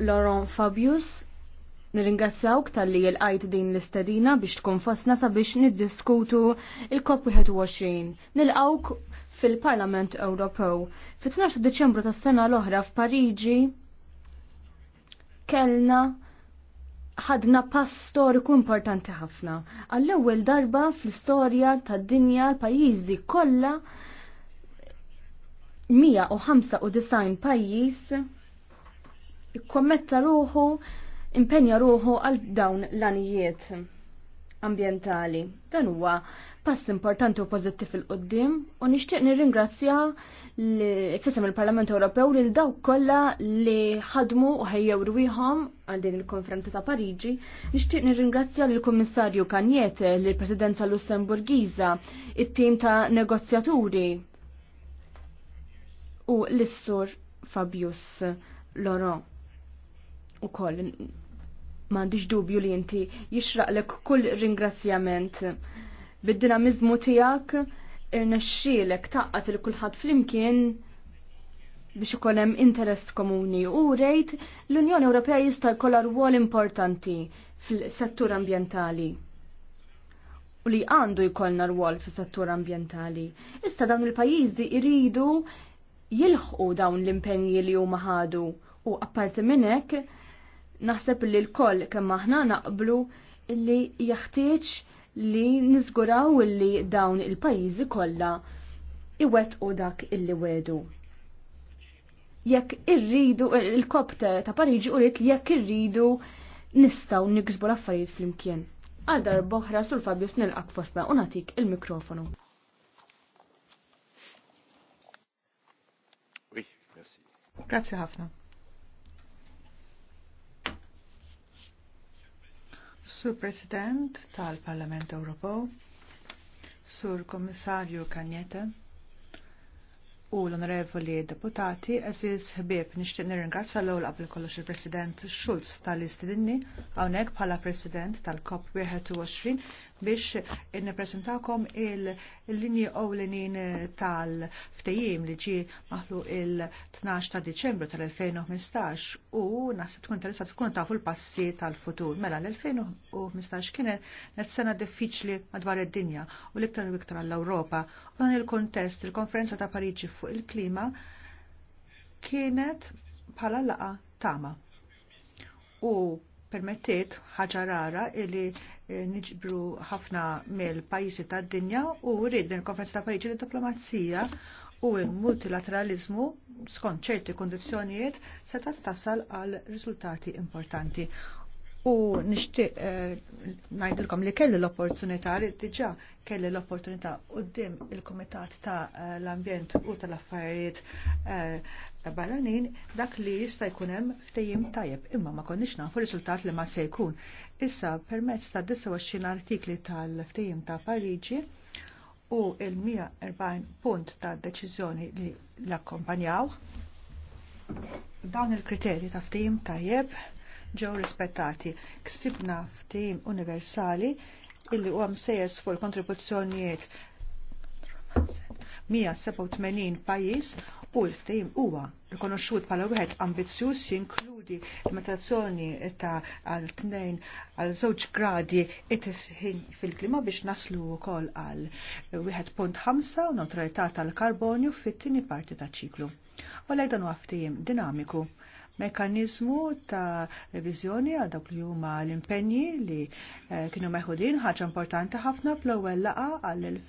Laurent Fabius, nirringrazzjawk tal-li jil għajt din l-istedina biex tkun fosna sabiex niddiskutu il-COP21. Nilqawk fil-Parlament Ewropew. Fit-12 Deċembru tas-sena l-oħra f'Parigi kellna ħadna pass storiku importanti ħafna. Għall-ewwel darba fl-istorja tad-dinja l-pajjiżi kollha 195 pajjiż jikkommetta ruħu, impenja ruħu għal dawn l-anijiet ambientali. Dan huwa pass importanti u pożittiv il-qoddim u nixtieq nirringrazzja fisem il-Parlament Ewropew lil dawk kollha li ħadmu u ħejjew rwieħhom għal din il-konferenza ta' Pariġi. Nixtieq nirringrazzja lil kummissarju Kanjete, lil Presidenza Lussemburgiża, it-tim ta' negozjaturi u l-issur Fabius Loro u koll mandiġ dubju li inti jixraqlek kull ringrazzjament bid-dinamizmu tijak irnexxielek taqqat il kulħadd flimkien biex ikoll hemm interess komuni u rejt l-Unjoni Ewropea jista' jkollha rwol importanti fil-settur ambjentali u li għandu jkollna rwol fis-settur ambjentali. Issa dawn il-pajjiżi iridu jilħqu dawn l-impenji li huma ħadu u apparti minn hekk Naħseb li l-koll kemm aħna naqblu li jaħtieġ li niżguraw li dawn il-pajjiżi kollha iwettqu dak illi wedu. Jekk irridu il-kop ta' Pariġi uriet li jekk irridu nistgħu niksbu l-affarijiet flimkien. Għal darboħra sul Fabius nilqak fostna u natik il-mikrofonu. Grazie ħafna. Sur President tal-Parlament Ewropew, Sur Komissarju Kanjeta, u l-onorevoli deputati, eżiz ħbib nixtieq nirringrazzja l-ewwel qabel kollox il-President Schulz tal-istidinni hawnhekk bħala President tal-COP 21 biex n-presentakom il-linji ewlenin tal-ftejim li ġie maħlu il-12 ta' Diċembru tal-2015 u naħseb tkun interessa tkun tafu l-passi tal-futur. Mela l-2015 kienet net sena diffiċli madwar id-dinja u l-iktar u iktar għall-Ewropa. U dan il-kontest, il-konferenza ta' Pariġi fuq il-klima kienet bħala laqa tama. U permettiet ħaġa rara illi eh, niġbru ħafna mill-pajjiżi tad-dinja u rrid l konferenza ta' Pariġi l-diplomazija u l-multilateralizmu skont ċerti kondizzjonijiet seta' tasal għal riżultati importanti u nishtiq eh, najdilkom li kelli l-opportunità, li diġa kelli l-opportunità u dim il-Komitat ta' eh, l-Ambjent u tal-Affarijiet eh, barranin dak li jista' jkun hemm ftejjim tajjeb, imma ma konniex nafu riżultat li ma se jkun. Issa permezz ta' 29 artikli tal ftejim ta' Pariġi u il-140 punt ta' deċiżjoni li l-akkompanjaw, dawn il-kriterji ta' ftejim tajjeb ġew rispettati. Ksibna f'tim universali illi huwa msejjes fuq il-kontribuzzjonijiet 187 pajjiż u l-ftehim huwa rikonoxxut bħala wieħed ambizzjuż jinkludi limitazzjoni ta' għal tnejn għal żewġ gradi it-tisħin fil-klima biex naslu wkoll għal 1.5 u neutralità tal-karbonju fit-tieni parti taċ ċiklu. U lejdan huwa ftehim dinamiku mekanizmu ta' revizjoni għal dawk li huma l-impenji li eh, kienu meħudin ħaġa importanti ħafna fl-ewwel laqa għal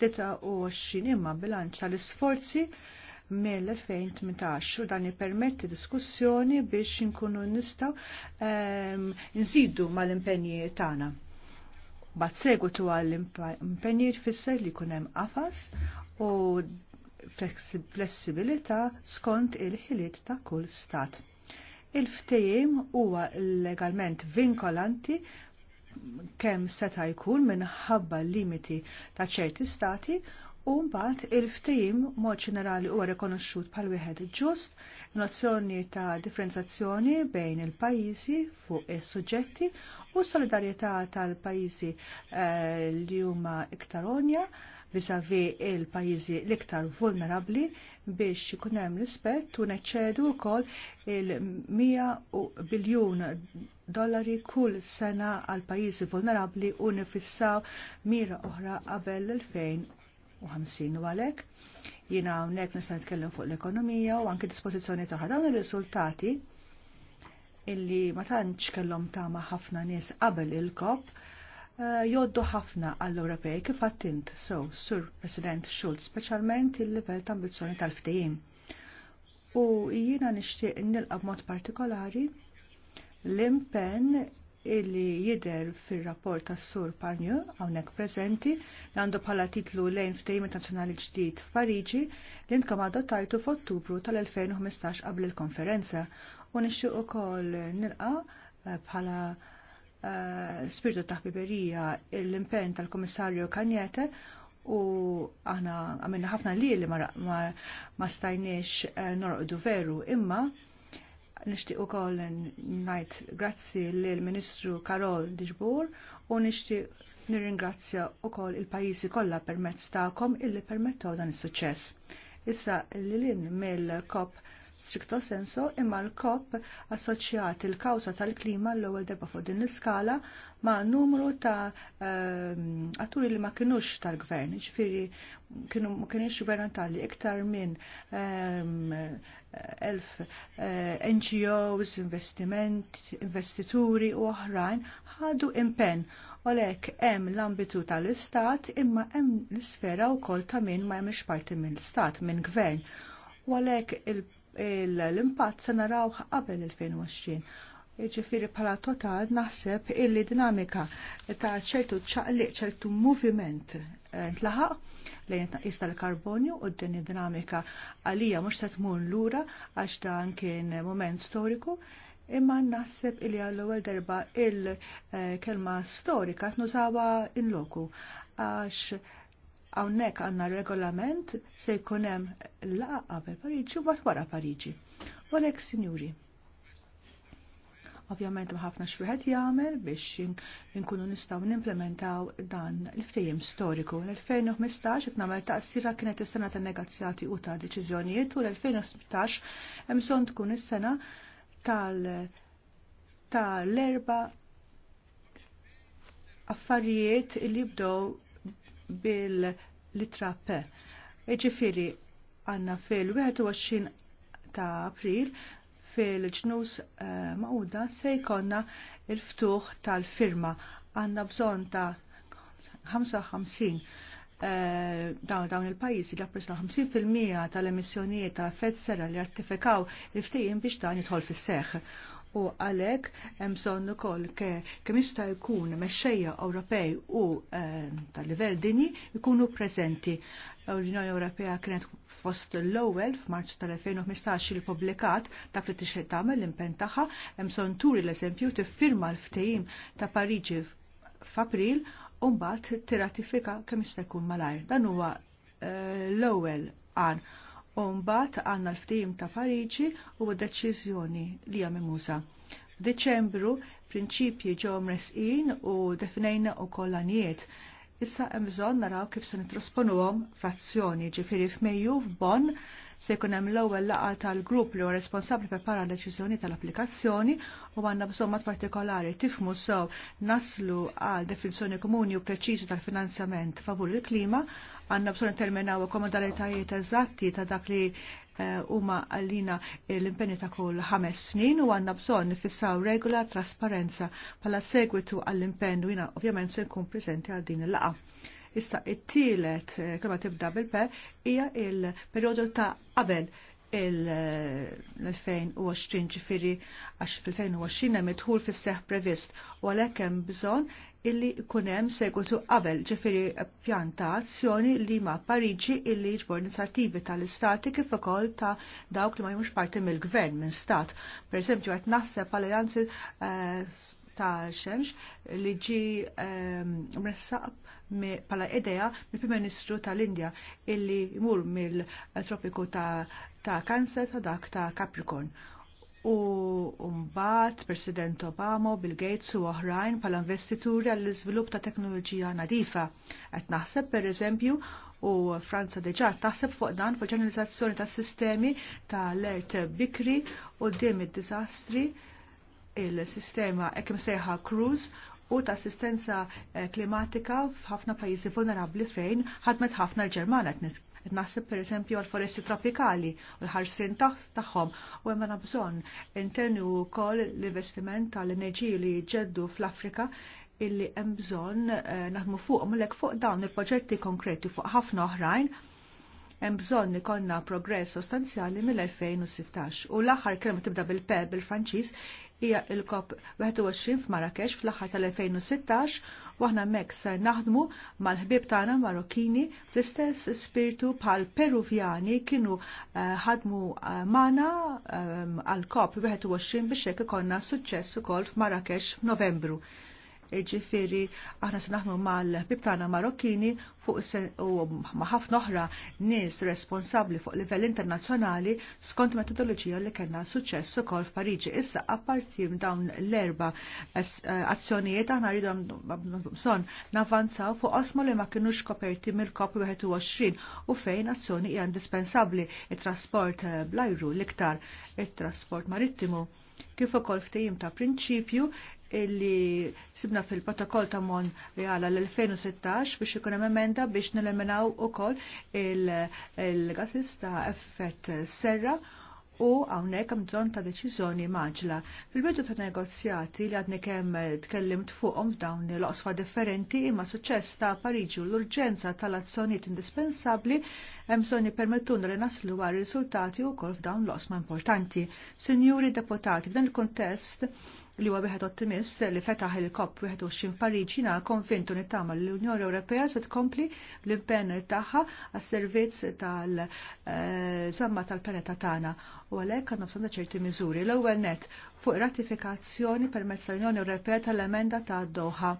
2023 imma bilanċ tal-isforzi mill-2018 u dan jippermetti diskussjoni biex inkunu nistaw ehm, nżidu mal-impenji tagħna. Bat segwitu għall-impenji fisser li kunem qafas u flessibilità skont il-ħiliet ta' kull stat. Il-ftejim huwa legalment vinkolanti kemm seta' jkun minħabba limiti ta' ċerti stati U mbagħad il-ftehim mod ġenerali huwa rikonoxxut bħal wieħed ġust, nozzjoni ta' differenzjazzjoni bejn il-pajjiżi fuq is-suġġetti u solidarjetà tal-pajjiżi eh, li huma iktar onja vizavi il-pajizi l-iktar vulnerabli biex ikun hemm rispett u neċċedu wkoll il-100 biljun dollari kull sena għal pajjiżi vulnerabbli u nifissaw mira oħra qabel l-2050 u għalhekk Jina hawnhekk nista' nitkellem fuq l-ekonomija u anke dispozizjoni tagħha dawn ir-riżultati illi ma tantx kellhom tama ħafna nies qabel il-kop Eh, joddu ħafna għall-Ewropej kif għattint so, Sur President Schulz, speċjalment il-livell ta' ambizzjoni tal-ftehim. U jiena nixtieq nilqa' mod partikolari l-impenn illi jider fil-rapport tas sur Parnju għawnek prezenti li għandu bħala titlu lejn ftejmet nazzjonali ġdid f'Pariġi li ntkam adottajtu f'Ottubru tal-2015 qabel il-konferenza u nixtieq ukoll nilqa bħala Eh, spiritu ta' ħbiberija l-impen tal-Komissarju Kanjete u aħna għamilna ħafna li li ma stajniex eh, norqdu veru imma nishtiq ukoll ngħid grazzi lill ministru Karol Diġbur u nixtieq nirringrazzja ukoll il-pajjiżi kollha permezz tagħkom illi permettaw dan is-suċċess. Issa lilin mill kop strikto senso imma l-COP assoċjat il-kawsa tal-klima l-ewwel darba fuq din l-iskala ma' numru ta' ehm, atturi li ma kinux tal-gvern, ġifieri kienu ma kienx gvernatali iktar minn um, elf uh, eh, NGOs, investiment, investituri u oħrajn ħadu impenn lek hemm l-ambitu tal-istat imma hemm l-isfera wkoll ta' min ma jemx parti minn l-istat, minn gvern. Walek il l-impatt se naraw qabel 2020. Ġifiri bħala total naħseb illi dinamika ta' ċertu ċaqliq ċertu moviment eh, tlaħaq lejn tnaqqis tal-karbonju u din id-dinamika għalija mhux se tmur lura għax dan kien moment storiku imma naħseb illi għall-ewwel darba il-kelma eh, storika t-nużawa in loku għax hawnhekk għandna regolament se jkun hemm laqa qabel Parigi u mbagħad wara Pariġi. Għalek, sinjuri. Ovvjament maħafna xruħet jagħmel biex inkunu nistgħu implementaw dan l ftejjem storiku. L-2015 qed nagħmel taqsira kienet is-sena ta' negozjati u ta' deċiżjonijiet u l-2016 hemm tkun is-sena tal l erba affarijiet li bdow bil li trappe. Iġifiri għanna fil-21 ta' april fil-ġnus eh, mauda se jkonna il-ftuħ tal-firma. Għanna bżon ta' 55 eh, dawn il-pajjiżi li apprezzaw 50% tal-emissjonijiet tal-affett li rattifikaw il-ftejjin biex dan jidħol fis-seħħ u għalek bżonn ukoll ke kemm jista' jkun mexxejja Ewropej u eh, tal-livell dinji jkunu prezenti. L-Unjoni Ewropea kienet fost l-ewwel f'Marzu tal-2015 il publikat dak li tixtieq tagħmel l-impenn tagħha hemm turi l-eżempju tiffirma l-ftehim ta' Pariġi f'April u mbagħad tirratifika kemm jista' jkun malajr. Dan huwa eh, l-ewwel għan u mbagħad għandna l ftim ta' Pariġi u d-deċiżjoni li hija mimusa. F'Diċembru prinċipji ġew mresqin u definejna wkoll għanijiet. Issa hemm bżonn naraw kif se għom frazzjoni, ġifieri f'Mejju f'Bonn se jkun hemm l-ewwel laqgħa tal-grupp li huwa responsabbli prepara l-deċiżjoni tal-applikazzjoni u għandna bżommat partikolari tifmu sew naslu għal definizzjoni komuni u preċiżi tal-finanzjament favur il-klima, għandna bżonn determinaw komodalitajiet eżatti ta' dak li eh, huma għallina l-impenni ta' kull ħames snin u għanna bżon nifissaw regola trasparenza pala segwitu għall-impenn u jina ovvjament se nkun prezenti għal din il-laqa. Issa it-tielet eh, kelma tibda bil-per hija il-perjodu ta' qabel il-2020 ġifiri għax fil-2020 mitħul fis seħ previst u għalhekk hemm bżonn illi jkun hemm segwitu qabel ġifiri pjanta azzjoni li ma Pariġi illi ġbor inizjattivi tal-istati kif ukoll ta' dawk li ma jimux parti mill-gvern minn stat. Per qed naħseb alleanzi ta' xemx li ġi ehm, mressaq pala idea mill-Prim Ministru tal-Indja illi jmur mill-tropiku ta', ta Kanser ta' dak ta' Capricorn u mbagħad President Obama, Bill Gates u oħrajn pala investituri għall iżvilupp ta' teknoloġija nadifa. Qed naħseb pereżempju u Franza deġa taħseb fuq dan fuq ġeneralizzazzjoni ta' sistemi ta' alert bikri u dim id-diżastri il-sistema ekim seħa Cruise u ta' assistenza eh, klimatika f'ħafna pajjiżi vulnerabbli fejn ħadmet ħafna l-Ġermana qed naħseb pereżempju għal foresti tropikali u l-ħarsin tagħhom u hemm bżonn intenu wkoll l-investiment tal-enerġiji li jġeddu fl-Afrika illi hemm bżonn eh, naħdmu fuqhom lek fuq dawn il-proġetti konkreti fuq ħafna oħrajn hemm bżonn ikollna progress sostanzjali mill-2016 u l-aħħar kelma tibda bil-P bil-Franċiż hija l cop 21 f'Marrakesh fl-aħħar tal-2016 u aħna mek se naħdmu mal-ħbieb tagħna Marokkini fl-istess spiritu bħal Peruvjani kienu eh, ħadmu eh, mana eh, għal COP 21 biex hekk ikollna suċċess ukoll f'Marrakesh f'Novembru ġifiri aħna se naħdmu mal-bibtana Marokkini fuq u ħafna oħra nies responsabbli fuq livell internazzjonali skont metodoloġija li kellna suċċess ukoll f'Pariġi. Issa apparti dawn l-erba eh, azzjonijiet aħna rridu bżonn navanzaw fuq osmo li ma kinux koperti mill-COP 21 u fejn azzjoni hija indispensabbli it-trasport eh, blajru l-iktar it-trasport marittimu kif ukoll ftehim ta' prinċipju illi sibna fil-protokoll ta' Mon Reala l-2016 biex ikun hemm emenda biex nelemenaw ukoll il-gasis il ta' effett serra u għawnek hemm bżonn ta' deċiżjoni maġla. Fil-bidu ta' negozjati li għadni kemm tkellimt fuqhom f'dawn l-oqsfa differenti imma suċċess ta' Pariġu l-urġenza tal-azzjonijiet indispensabbli hemm bżonn jippermettuna li naslu għal riżultati wkoll f'dawn l-oqsma importanti. Sinjuri deputati, f'dan il-kontest li huwa wieħed ottimist li fetaħ il-COP 21 Pariġi na konvintu nittama li l-Unjoni Ewropea se tkompli l-impenn tagħha għas-servizz tal-żamma eh, tal-planeta tagħna u għalhekk għandna bżonn ċerti miżuri. L-ewwel net fuq ratifikazzjoni permezz tal-Unjoni Ewropea tal-emenda ta' Doha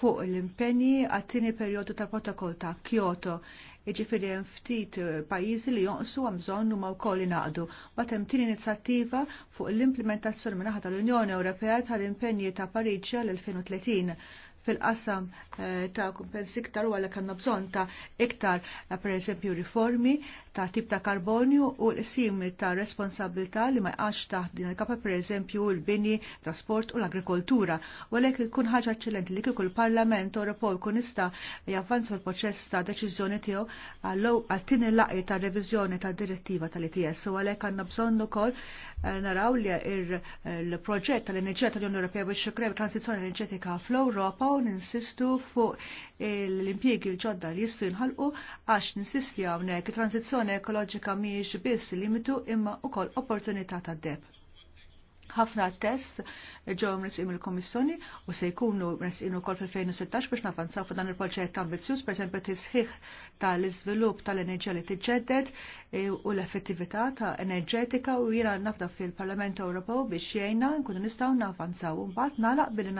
fuq l-impenni għat-tieni perjodu tal-protokoll ta' Kyoto jiġifieri hemm ftit eh, pajjiżi li jonqsu hemm bżonn huma wkoll naqdu. Mbagħad hemm inizjattiva fuq l-implementazzjoni minaħa tal-Unjoni Ewropea tal-impenji ta' Pariġi l-2030 fil-qasam eh, ta' kumpens iktar u għalek għanna bżon ta' iktar eh, per esempio, riformi ta' tip ta' karbonju u l-sim ta' responsabilta' li ma' jqax ta' din il-kapa per esempio, l-bini, trasport u l-agrikoltura. U għalek kun ħaġa eccellenti li kikul parlament u repol kun ista' javvanza l-proċess ta' deċizjoni tiegħu għallow għattini laqi ta' revizjoni ta' direttiva tal-ITS u għalek għanna bżon ukoll eh, naraw li il-proġett tal-enerġija tal-Unjoni Ewropea biex transizzjoni enerġetika fl-Ewropa nibqaw ninsistu fuq l-impjiegi l-ġodda li jistu jinħalqu għax ninsisti hawnhekk it transizjoni ekoloġika mhijiex biss limitu imma ukoll opportunità tad-deb ħafna test ġew mresqim il-Komissjoni u se jkunu mresqin ukoll fil-2016 biex navanzaw fuq dan il-proġett ambizzjuż, pereżempju tisħiħ tal-iżvilupp tal-enerġija li tiġġedded e, u l-effettività ta' enerġetika u jiena nafda fil-Parlament Ewropew biex jgħinna nkunu nistgħu navanzaw u mbagħad nagħlaq billi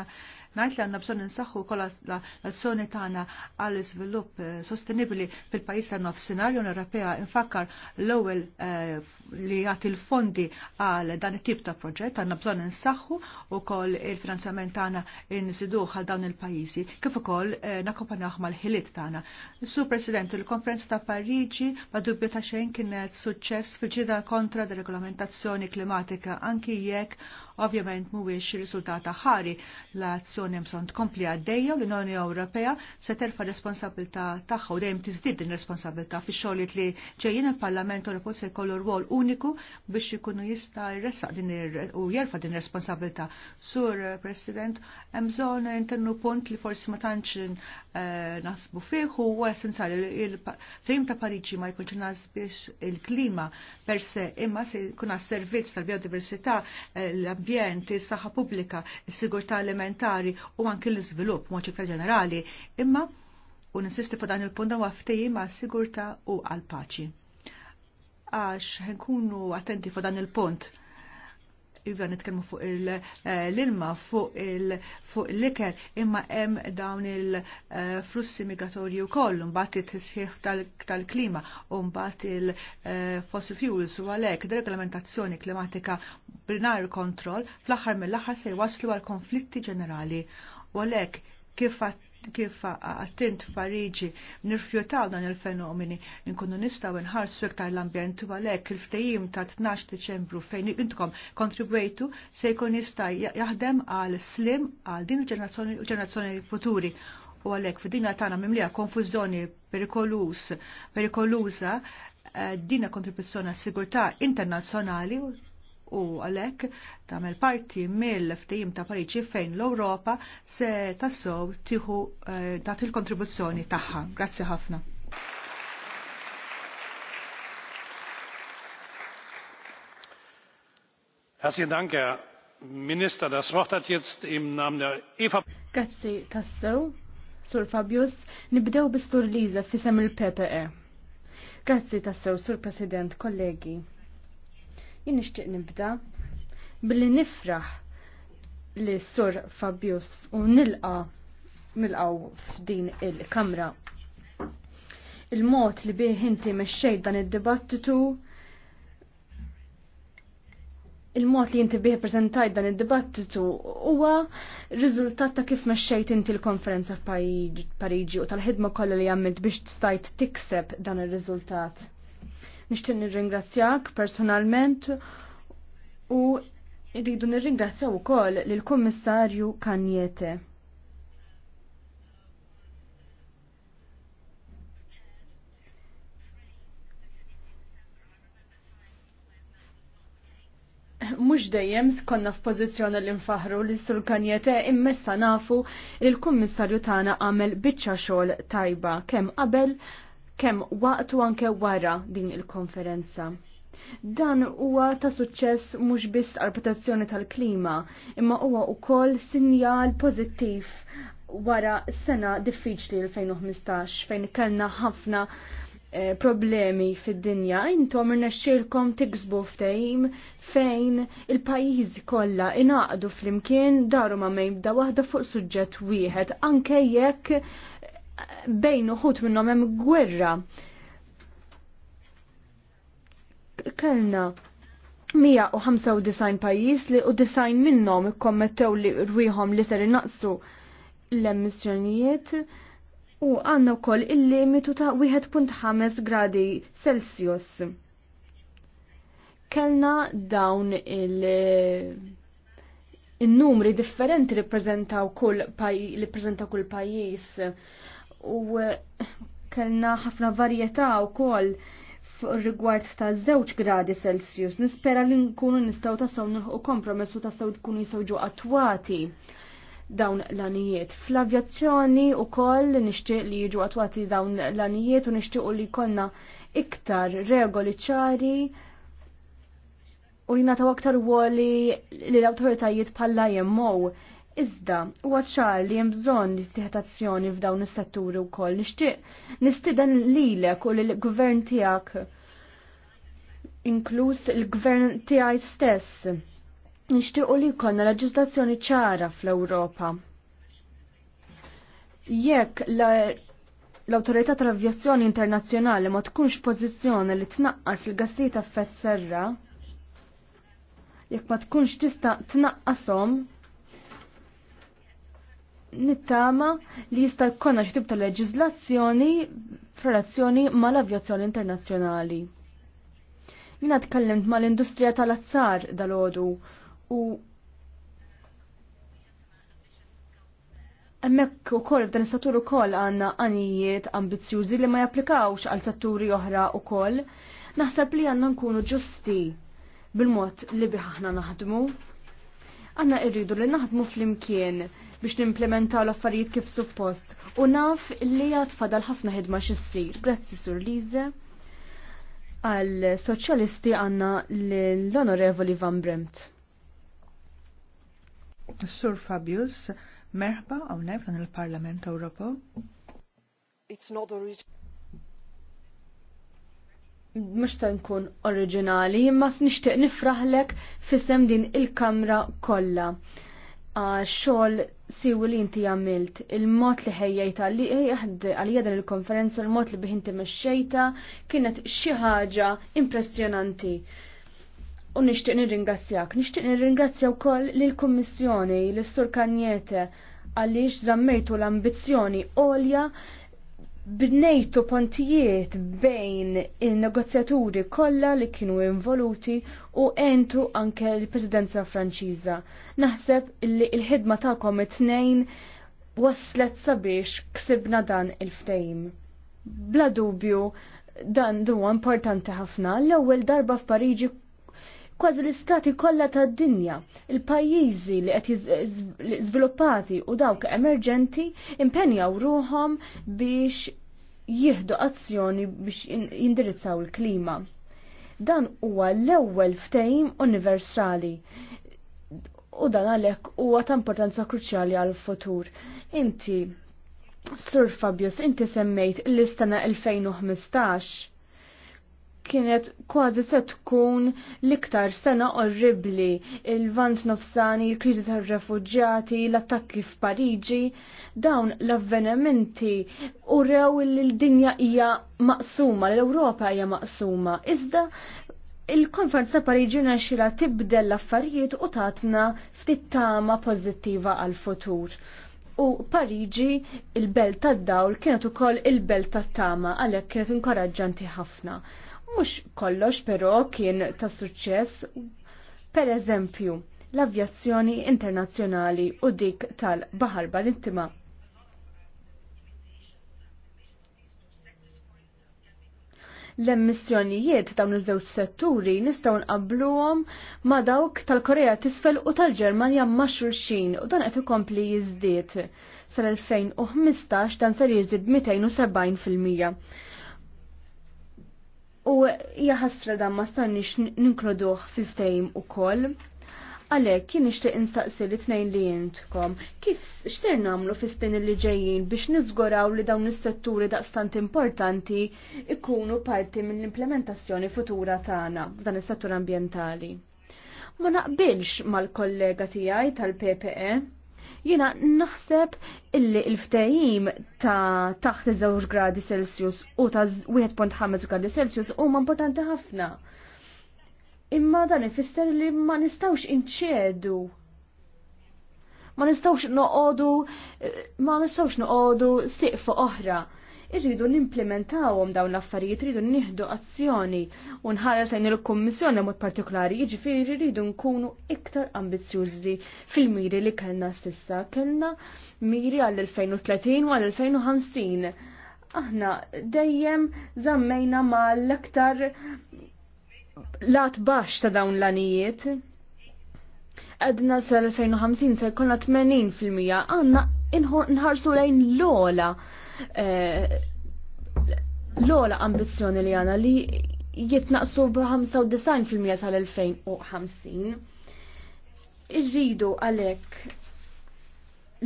Najt li għandna bżonn insaħħu wkoll l-azzjoni tagħna għall iżvilupp eh, sostenibbli fil-pajjiż tan nofsinhar l Ewropea infakkar l-ewwel eh, li jagħti l-fondi għal dan it-tip ta' proġett għandna bżonn insaħħu wkoll il-finanzjament tagħna inżiduh għal dawn il-pajjiżi kif ukoll eh, nakkompanjawh mal-ħiliet tagħna. Sur President, il-Konferenz ta' Pariġi ma' dubju ta' xejn kienet suċċess fil-ġida kontra deregolamentazzjoni klimatika anki jekk ovvjament mhuwiex riżultata ħari l-azzjoni diskussjoni mson tkompli għaddejja u l-Unjoni Ewropea se terfa' responsabilità tagħha u dejjem tiżdid din responsabilità fix-xogħliet li ġejjin il-Parlament Ewropew se jkollu rwol uniku biex ikunu jista' jressaq din u jerfa' din responsabilità. Sur President, hemm bżonn intennu punt li forsi ma tantx eh, nasbu fih u essenzjali il-fejm ta' Pariġi ma jkunx biex il-klima per se imma se jkun għas-servizz tal-biodiversità, eh, l-ambjent, is-saħħa pubblika, is-sigurtà elementari, ġenituri u anki l-iżvilupp mod iktar ġenerali, imma u ninsisti fuq dan il-punt huwa ftehim ma' sigurtà u għal paċi. Għax nkunu attenti fuq dan il-punt iva nitkellmu fuq eh, l-ilma, fuq l-iker, imma hemm dawn il-flussi eh, migratorji wkoll, mbagħad it-tisħiħ tal-klima, u mbagħad il-fossil eh, fuels u għalhekk deregolamentazzjoni klimatika binar kontroll fl-aħħar mill-aħħar se jwaslu għal konflitti ġenerali. U għalhekk kif kif għattint f'Pariġi nirfjutaw dan il-fenomeni nkunu nistaw nħarsu iktar l-ambjent u għalhekk il-ftehim ta' 12 Deċembru fejn intkom kontribwejtu se jkun jista' jaħdem għal slim għal din il-ġenerazzjoni u ġenerazzjoni futuri u għalhekk f'dinja tagħna mimlija konfużjoni perikolus perikoluża eh, dina kontribuzzjoni għas-sigurtà internazzjonali u għalhekk tagħmel parti mill ftejim ta' Pariġi fejn l-Ewropa se tassow tieħu dat eh, il-kontribuzzjoni tagħha. Grazzi ħafna. Herzlichen Dank, Herr Minister. Das Wort hat jetzt im Namen der EVP. Grazie, Tassew. Sur Fabius, nibdew bis Sur Liza fisem il-PPE. Grazzi tassew, Sur President, kollegi. Jien nixtieq nibda billi nifraħ li sur Fabius u nilqa nilqaw f'din il-kamra. Il-mod li bih inti mexxej dan id-dibattitu il-mod li inti bih prezentajt dan id-dibattitu huwa riżultat ta' kif mexxejt inti l-konferenza f'Pariġi u tal-ħidma kollha li għamilt biex tistajt tikseb dan ir-riżultat Nixtieq nirringrazzjak personalment u rridu nirringrazzjaw ukoll lill kummissarju Kanjete. mux dejjem konna f'pożizzjoni li nfaħru li sur kanjete immessa nafu li l-kummissarju tagħna għamel biċċa xogħol tajba kemm qabel kemm waqtu anke wara din il-konferenza. Dan huwa ta' suċċess mhux biss għal protezzjoni tal-klima, imma huwa wkoll sinjal pożittiv wara sena diffiċli l-2015 fejn kellna ħafna eh, problemi fid-dinja, intom irnexxielkom tiksbu ftehim fejn il-pajjiżi kollha inaqdu flimkien daru ma' mejbda waħda fuq suġġett wieħed anke jekk bejn uħut minnhom hemm gwerra. Kellna 195 pajjiż li u design minnhom ikkommettew li rwieħhom li ser inaqsu l-emissjonijiet u għandna wkoll il-limitu ta' 1.5 gradi Celsius. Kellna dawn il- in-numri differenti li prezentaw kull pajjiż u eh, kellna ħafna varjetà wkoll rigward ta' żewġ gradi Celsius. Nispera li nkunu nistgħu tassew nilħu kompromessu tassew tkunu jistgħu attwati dawn l-anijiet. Fl-avjazzjoni u koll nixtieq li jiġu attwati dawn l-anijiet u nixtiequ li konna iktar regoli ċari u li nataw aktar woli li l-autoritajiet palla jemmow Iżda, huwa ċar li hemm bżonn jittieħed azzjoni f'dawn is-setturi wkoll. Nixtieq l lilek u l gvern tiegħek inkluż il-gvern tiegħi stess. Nixtiequ li jkollna ġizdazzjoni ċara fl-Ewropa. Jekk l autorita tal-Avjazzjoni Internazzjonali ma tkunx pożizzjoni li tnaqqas il gassita f serra, jekk ma tkunx tista' tnaqqashom, nittama li jista' jkollna xi tip ta' leġiżlazzjoni f'relazzjoni mal-avjazzjoni internazzjonali. Jina tkellimt mal-industrija tal-azzar dal-għodu u Emmek u koll f'dan is u ukoll għandna għanijiet ambizzjużi li ma japplikawx għal setturi oħra koll, Naħseb li għandna nkunu ġusti bil-mod li biħahna naħdmu. Għanna irridu li naħdmu fl-imkien biex nimplementaw l-affarijiet kif suppost. U naf li għad fadal ħafna ħidma xissir. Grazzi sur Lize. Għal soċjalisti għanna l-onorevoli Van Bremt. Sur Fabius, merħba għawnek dan il-Parlament Ewropo. It's not original mux ta' nkun oriġinali, imma nishtiq nifraħlek fisem din il-kamra kollha xogħol siwi li inti għamilt, il-mod li ħejjajta li għal dan il-konferenza, il-mod li bih inti mexxejta, kienet xi ħaġa impressjonanti. U nixtieq nirringrazzjak, nixtieq nirringrazzja wkoll lill kummissjoni lis sur Kanjete għaliex żammejtu l-ambizzjoni għolja bnejtu pontijiet bejn il-negozjaturi kollha li kienu involuti u entru anke l-Presidenza Franċiża. Naħseb li l-ħidma tagħkom it-tnejn waslet sabiex ksibna dan il-ftejm. Bla dubju, dan huwa importanti ħafna l-ewwel darba f'Pariġi kważi l-istati kollha tad-dinja, il-pajjiżi li qed jiżviluppati u dawk emerġenti impenjaw ruhom biex jieħdu azzjoni biex jindirizzaw il-klima. Dan huwa l-ewwel ftehim universali u dan għalhekk huwa ta' importanza kruċjali għal futur. Inti Sur Fabius, inti semmejt l-istana 2015 kienet kważi se tkun l-iktar sena orribli, il-vant nofsani, il-kriżi tar-refuġjati, l-attakki f'Pariġi, dawn l-avvenimenti u rew l-dinja hija maqsuma, l-Ewropa hija maqsuma. Iżda il-konferenza ta' Pariġi tibdel l-affarijiet u tatna ftit tama pożittiva għal-futur u Pariġi il-belt tad-dawl kienet ukoll il-belt tat-tama għalhekk kienet inkoraġġanti ħafna. Mux kollox però kien ta' suċċess, per eżempju, l-avjazzjoni internazzjonali u dik tal-Bahar Balintima. L-emissjonijiet dawn iż-żewġ setturi nistgħu nqabbluhom ma' dawk tal-Korea t'isfel u tal-Ġermanja ma' xulxin u dan qed ikompli jiżdied. Sal-2015 dan ser jiżdied 270 fil-mija. U jaħasra dan ma stanniex ninkluduh fil-ftejm u koll. Għale, kien ixtieq instaqsi li tnejn li jintkom, kif xter namlu fis-snin li ġejjin biex niżguraw li dawn is-setturi daqstant importanti ikunu parti mill-implementazzjoni futura tagħna f'dan is-settur ambjentali. Ma naqbilx mal-kollega tiegħi tal-PPE Jiena naħseb illi il-ftehim ta' taħt iż-żewġ gradi Celsius u ta' 1.5 gradi Celsius huma importanti ħafna. Imma dan ifisser li ma nistawx inċedu ma nistawx noqodu eh, ma nistawx noqodu fuq oħra irridu nimplementawhom dawn l-affarijiet, irridu nieħdu azzjoni u nħares lejn il-Kummissjoni mod partikolari, jiġifieri rridu nkunu iktar ambizzjużi fil-miri li kellna s'issa. Kellna miri għall-2030 u għall-2050. Aħna dejjem żammejna mal-aktar lat baxx ta' dawn l-anijiet. Għadna sal-2050 se jkollna 80% għanna nħarsu lejn l-ola Eh, l-ola ambizjoni li għana li jitnaqsu b-95% sal-2050. Irridu għalek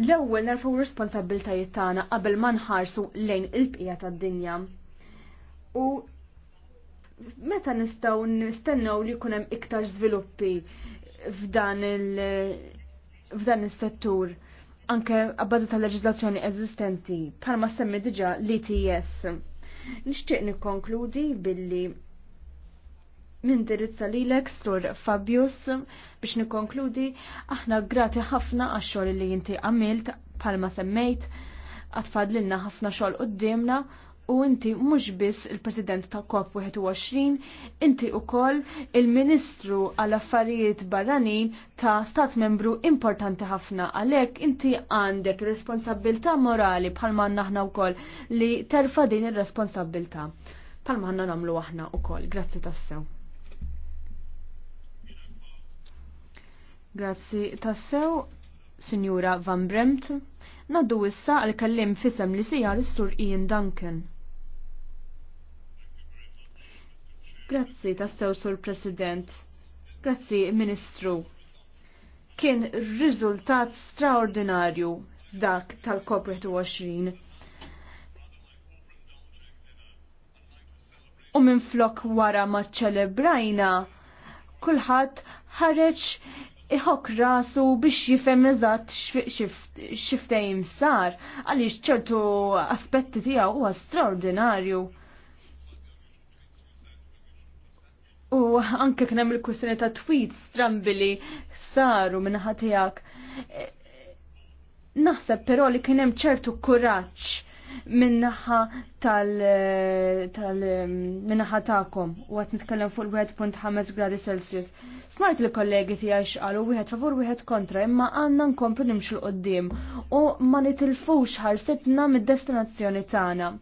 l-ewwel nerfu responsabiltajiet tagħna qabel ma nħarsu lejn il-bqija tad-dinja. U meta nistgħu nistennew li jkun hemm iktar żviluppi f'dan il f'dan is-settur. il settur anke għabbażi tal-leġislazzjoni eżistenti bħalma semmi diġa l-ITS. Nixtieq nikkonkludi billi nindirizza li l Sur Fabius biex nikkonkludi aħna grati ħafna għax-xogħol li jinti għamilt bħalma semmejt għatfadlinna ħafna xogħol qudiemna u inti mhux biss il-President ta' COP21, inti koll il-Ministru għal affarijiet barranin ta' stat membru importanti ħafna għalhekk inti għandek responsabilità morali bħalma naħna wkoll li terfa din ir-responsabilità. Bħalma ħanna nagħmlu aħna wkoll. Grazzi tassew. Grazzi tassew, Sinjura Van Bremt. Naddu issa għal-kellim fisem li sijar is-sur Ian Duncan. Grazzi, tassew sur President. Grazzi, Ministru. Kien riżultat straordinarju dak tal-COP21. U minn flok wara ma ċelebrajna, kulħadd ħareġ iħok rasu biex jifhem eżatt xiftejn sar, għaliex ċertu aspetti tiegħu huwa straordinarju. U anke kien hemm il-kwistjoni ta' tweets strambili saru minn tiegħek. Naħseb però li kien hemm ċertu kuraġġ minnaħa tal tal minnaħa tagħkom u qed nitkellem fuq il-1.5 gradi Celsius. Smajt li kollegi tiegħi xqalu wieħed favur wieħed kontra imma għandna nkomplu nimxu l-qoddim u ma nitilfux ħarsetna mid-destinazzjoni tagħna.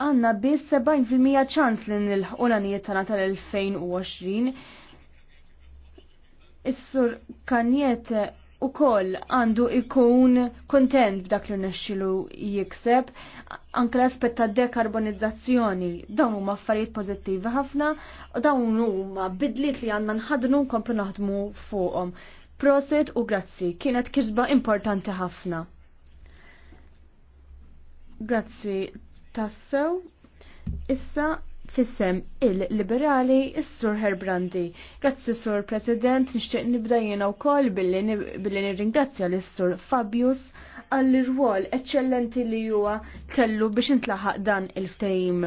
għanna biss 70% ċans li nilħqu l-għanijiet tagħna tal-2020. Is-sur kanjiet u koll għandu ikun kontent b'dak li nexxilu jikseb, anke l-aspett ta' dekarbonizzazzjoni, dawn huma affarijiet pożittivi ħafna u dawn huma bidliet li għandna nħadnu nkomplu naħdmu fuqhom. Prosit u grazzi, kienet kisba importanti ħafna. Grazzi tassew. Issa fissem il-liberali Is-Sur Herbrandi. Grazzi Sur President, nixtieq nibda jiena wkoll billi nirringrazzja l sur Fabius għall rwol eċċellenti li huwa kellu biex intlaħaq dan il-ftehim.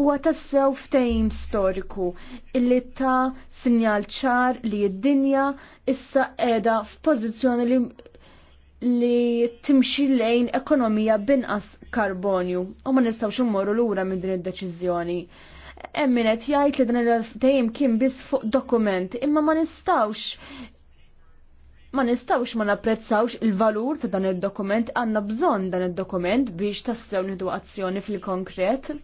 Huwa tassew ftehim storiku illi ta' sinjal ċar li d-dinja issa qiegħda f'pożizzjoni li li timxi lejn ekonomija binqas karbonju u ma nistawx immorru lura minn din id-deċiżjoni. Hemm min qed jgħid li dan il-dejjem kien biss fuq dokument, imma ma nistawx ma nistawx ma napprezzawx il-valur ta' dan id dokument għandna bżonn dan id dokument biex tassew nidu azzjoni fil-konkret.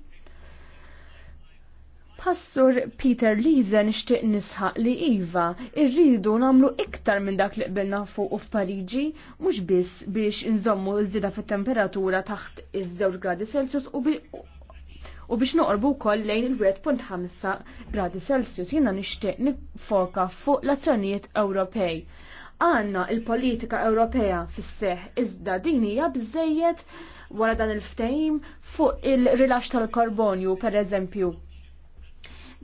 Pastor Peter Lise nixtieq nisħaq li Iva, irridu namlu iktar minn dak li qbilna fuq u f'Pariġi, mhux biss biex inżommu iż-żieda fit-temperatura taħt iż-żewġ gradi Celsius u u biex noqorbu wkoll lejn il-1.5 gradi Celsius jiena nixtieq nifoka fuq l-azzjonijiet Ewropej. Għanna il-politika Ewropea fis-seħ iżda din hija bżejjed wara dan il-ftehim fuq il-rilax tal-karbonju per eżempju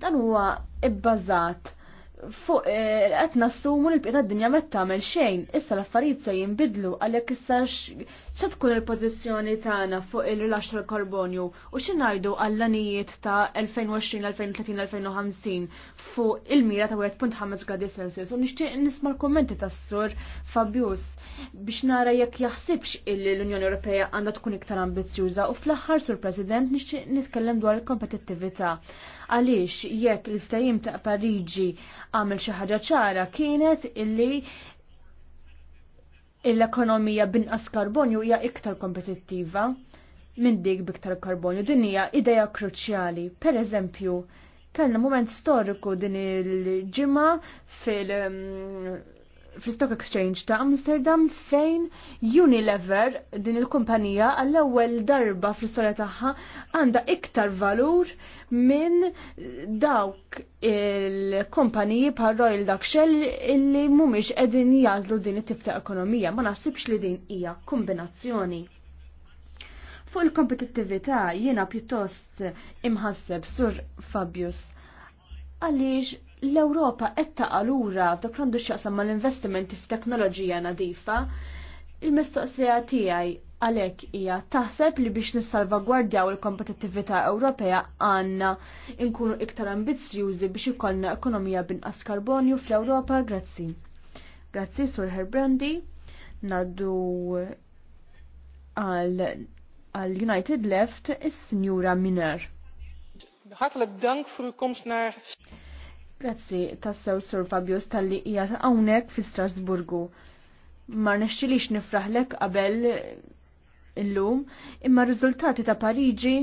Dan huwa ibbażat fuq eh, qed nassumu li l-bqiet tad-dinja ma tagħmel xejn, issa l-affarijiet se jinbidlu għalhekk issa x'se tkun il-pożizzjoni tagħna fuq il-rilax tal-karbonju u xi ngħidu għall-anijiet ta' 2020-2030-2050 fuq il-mira ta' 1.5 gradi Celsius u nixtieq nisma' l-kummenti tas-sur Fabius biex nara jekk jaħsibx l-Unjoni Ewropea għandha tkun iktar ambizzjuża u fl-aħħar sur President nixtieq nitkellem dwar il-kompetittività għaliex jekk il-ftajim ta' Parigi għamil xi ħaġa ċara kienet illi l-ekonomija binqas karbonju hija iktar kompetittiva minn dik biktar karbonju. Din hija ideja kruċjali. Per eżempju, kellna moment storiku din il-ġimgħa fil- fl-Stock Exchange ta' Amsterdam fejn Unilever din il-kumpanija għall-ewwel darba fl-istorja tagħha għandha iktar valur minn dawk il-kumpaniji bħal Royal Dutch Shell illi mhumiex qegħdin jażlu din it-tip ta' ekonomija. Ma naħsibx li din hija kombinazzjoni. Fuq il-kompetittività jiena pjuttost imħasseb sur Fabius għaliex l-Ewropa qed għalura lura f'dak għandu x'jaqsam mal-investimenti f'teknoloġija nadifa. Il-mistoqsija tiegħi għalhekk hija taħseb li biex nissalvagwardjaw il-kompetittività Ewropea għandna nkunu iktar ambizzjużi biex ikollna ekonomija binqas karbonju fl-Ewropa, grazzi. Grazzi Sur Herbrandi, naddu għal United Left is-Sinjura Miner. Hartelijk dank voor uw komst naar Grazzi, tassew Sur Fabius tal-li hija hawnhekk fi Strasburgu. Ma nexxilix nifraħlek qabel illum, imma r-riżultati ta' Pariġi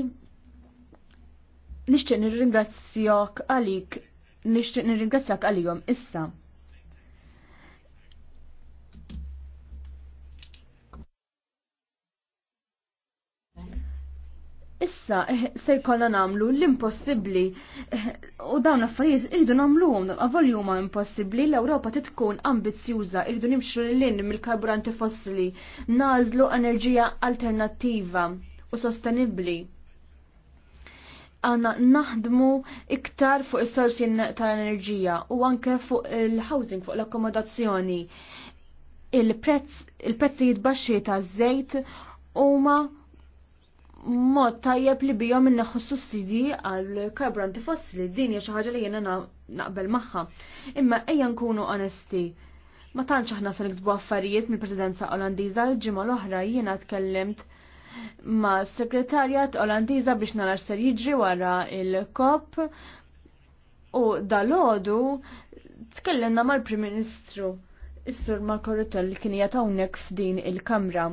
nixtieq nirringrazzjak għalik, nixtieq nirringrazzjak għalihom issa. Issa se jkollna namlu l-impossibbli u dawn affarijiet irridu namluhom għavol huma impossibbli l-Ewropa titkun ambizjuża irridu nimxu l-lin mill-karburanti fossili, nażlu enerġija alternattiva u sostenibbli Għanna naħdmu iktar fuq is-sorsi tal-enerġija u anke fuq il-housing, fuq l-akkomodazzjoni. Il-prezz, jitbaxxi ta' baxxi u żejt huma mod tajjeb li bijom inneħu sussidji għal karburanti fossili din hija xi ħaġa li jiena naqbel magħha. Imma ejja nkunu onesti. Ma tantx aħna se niktbu affarijiet mill-Presidenza Olandiża l-ġimgħa l-oħra jiena tkellimt ma' segretarjat Olandiża biex nara ser jiġri wara il-kop u dalodu tkellimna mal-Prim Ministru is-Sur Marco Rutel li kien hawnhekk f'din il-Kamra.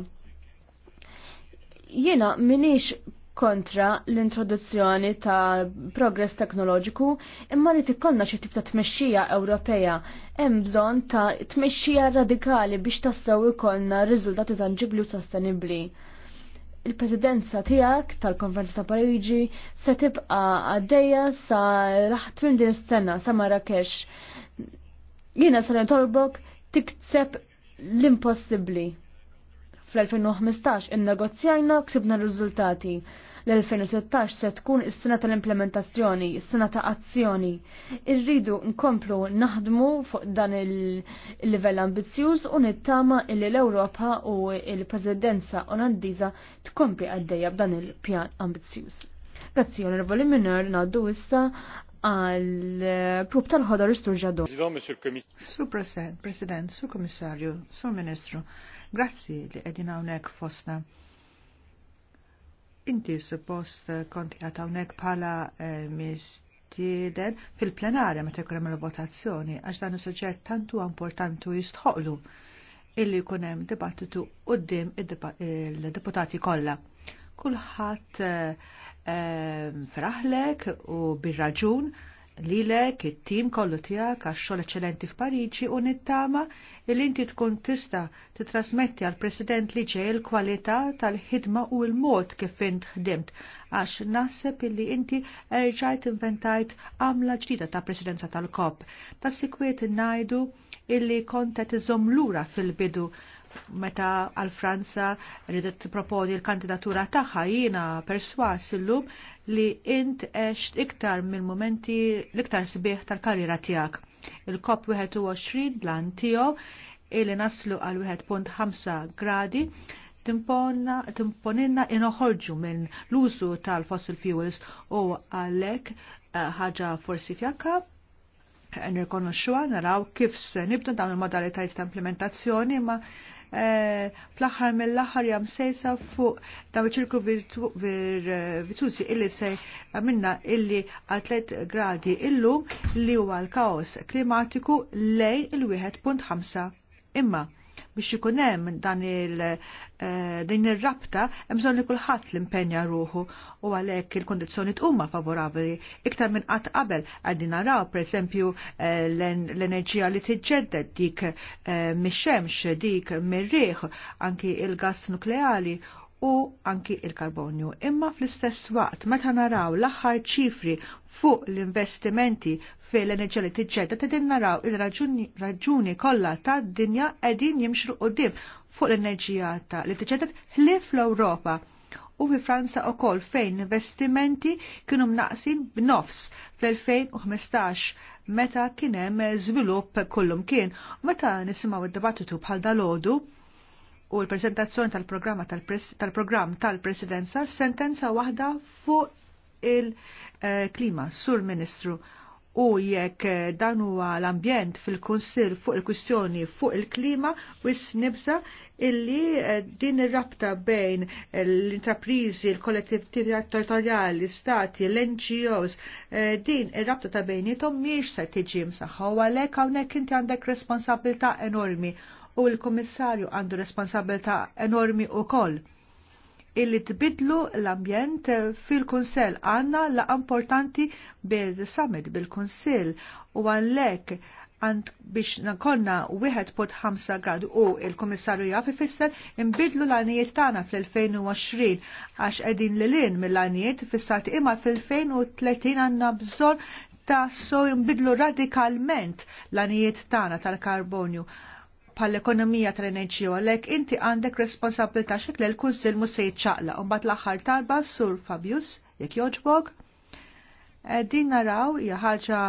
Jiena minix kontra l-introduzzjoni ta' progress teknoloġiku imma li tikkonna xi tip ta' tmexxija Ewropea. Hemm bżonn ta' tmexxija radikali biex tassew ikollna riżultati tanġibli u sostenibbli. Il-presidenza tiegħek tal-Konferenza ta' Pariġi se tibqa' għaddejja sa raħt minn din is-sena sa Marrakesh. Jiena se nitolbok tikseb l-impossibbli. Fl-2015 innegozjajna ksibna r-riżultati. L-2016 se tkun is-sena tal-implementazzjoni, is-sena ta' azzjoni. Irridu nkomplu naħdmu fuq dan il-livell ambizzjuż u nittama il l-Ewropa u il-Presidenza Olandiża tkompli għaddejja b'dan il-pjan ambizzjuż. Grazzi, onorevoli Minor, naddu issa għal prub tal-ħodar isturġadu. Sur President, Su Komissarju, Sur Ministru, Grazzi li qegħdin hawnhekk fostna. Inti suppost konti għatawnek hawnhekk bħala eh, mistieden fil-plenarja meta jkun hemm il-votazzjoni għax dan is-suġġett tantu importanti jistħoqlu illi jkun hemm dibattitu qudiem il-deputati kollha. Kulħadd eh, eh, fraħlek u bir-raġun lilek, it-tim kollu tiegħek għax-xogħol eċċellenti f'Pariġi u nittama il inti tkun tista' titrasmetti għal President li ġej il-kwalità tal-ħidma u l-mod kif int ħdimt għax naħseb illi inti erġajt inventajt għamla ġdida ta' presidenza tal-kop. Ta' sikwiet ngħidu illi kontet iżom lura fil-bidu meta għal Franza ridet proponi l-kandidatura tagħha jiena perswas illum li int eċt iktar mill-momenti l-iktar sbieħ tal-karriera tiegħek. Il-COP 21 blan tiegħu illi naslu għal 1.5 gradi timponinna inoħorġu minn l-użu tal-fossil fuels u għalek eh, ħaġa forsi fjakka nirkonoxxuha naraw kif se nibdu dawn il-modalitajiet ta' implementazzjoni ma' Eh, fl-aħħar mill-aħħar jam sejsa fuq ta' ċirku virtuzi eh, illi se minna illi għatlet gradi illum li huwa l-kaos klimatiku lej il-1.5. Imma biex ikun hemm dan il eh, din ir-rabta hemm li kulħadd l-impenja ruħu u għalhekk il-kondizzjoni huma favorabbli iktar minn qatt qabel qegħdin naraw pereżempju eh, l-enerġija li tiġġedded dik eh, mix-xemx dik mir-riħ anki il-gass nukleali u anki il-karbonju. Imma fl-istess waqt, meta naraw l-aħħar ċifri fuq l-investimenti fil-enerġija li tiġġedda, tedin naraw il-raġuni kollha tad-dinja qegħdin jimxru qudiem fuq l-enerġija ta' li tiġġedda ħlief l-Ewropa u fi Franza u kol fejn investimenti kienu mnaqsin b'nofs fl-2015 meta kienem zvilup kullum kien. Meta nisimaw id-dibattitu bħal dalodu, u l prezentazzjoni tal-programma tal-programm tal-presidenza sentenza waħda fuq il-klima eh, sur ministru u jekk eh, dan huwa l-ambjent fil-Kunsill fuq il-kwistjoni fuq il-klima wis nibsa illi eh, din ir-rabta bejn l-intraprizi, l-kollettività territorjali, l-istati, l-NGOs, din ir-rabta ta' bejnietom miex se tiġi msaħħa u għalhekk hawnhekk inti għandek responsabilità enormi u l-Komissarju għandu responsabilità enormi u koll illi tbidlu l-ambjent fil-Kunsel għanna la importanti bil-summit bil-Kunsel u għallek għand biex nakonna 1.5 gradu u il-Komissarju jaffi ifisser imbidlu l-għanijiet tagħna fl-2020 għax qegħdin l lin mill-għanijiet fissati imma fil 2030 għandna bżonn ta' so imbidlu radikalment l-għanijiet tagħna tal-karbonju. Ta pal-ekonomija tal-enerġija għalek inti għandek responsabilità xek l-kunsil musej ċaqla un bat l aħħar talba sur Fabius jek joġbog. Din naraw hija ħaġa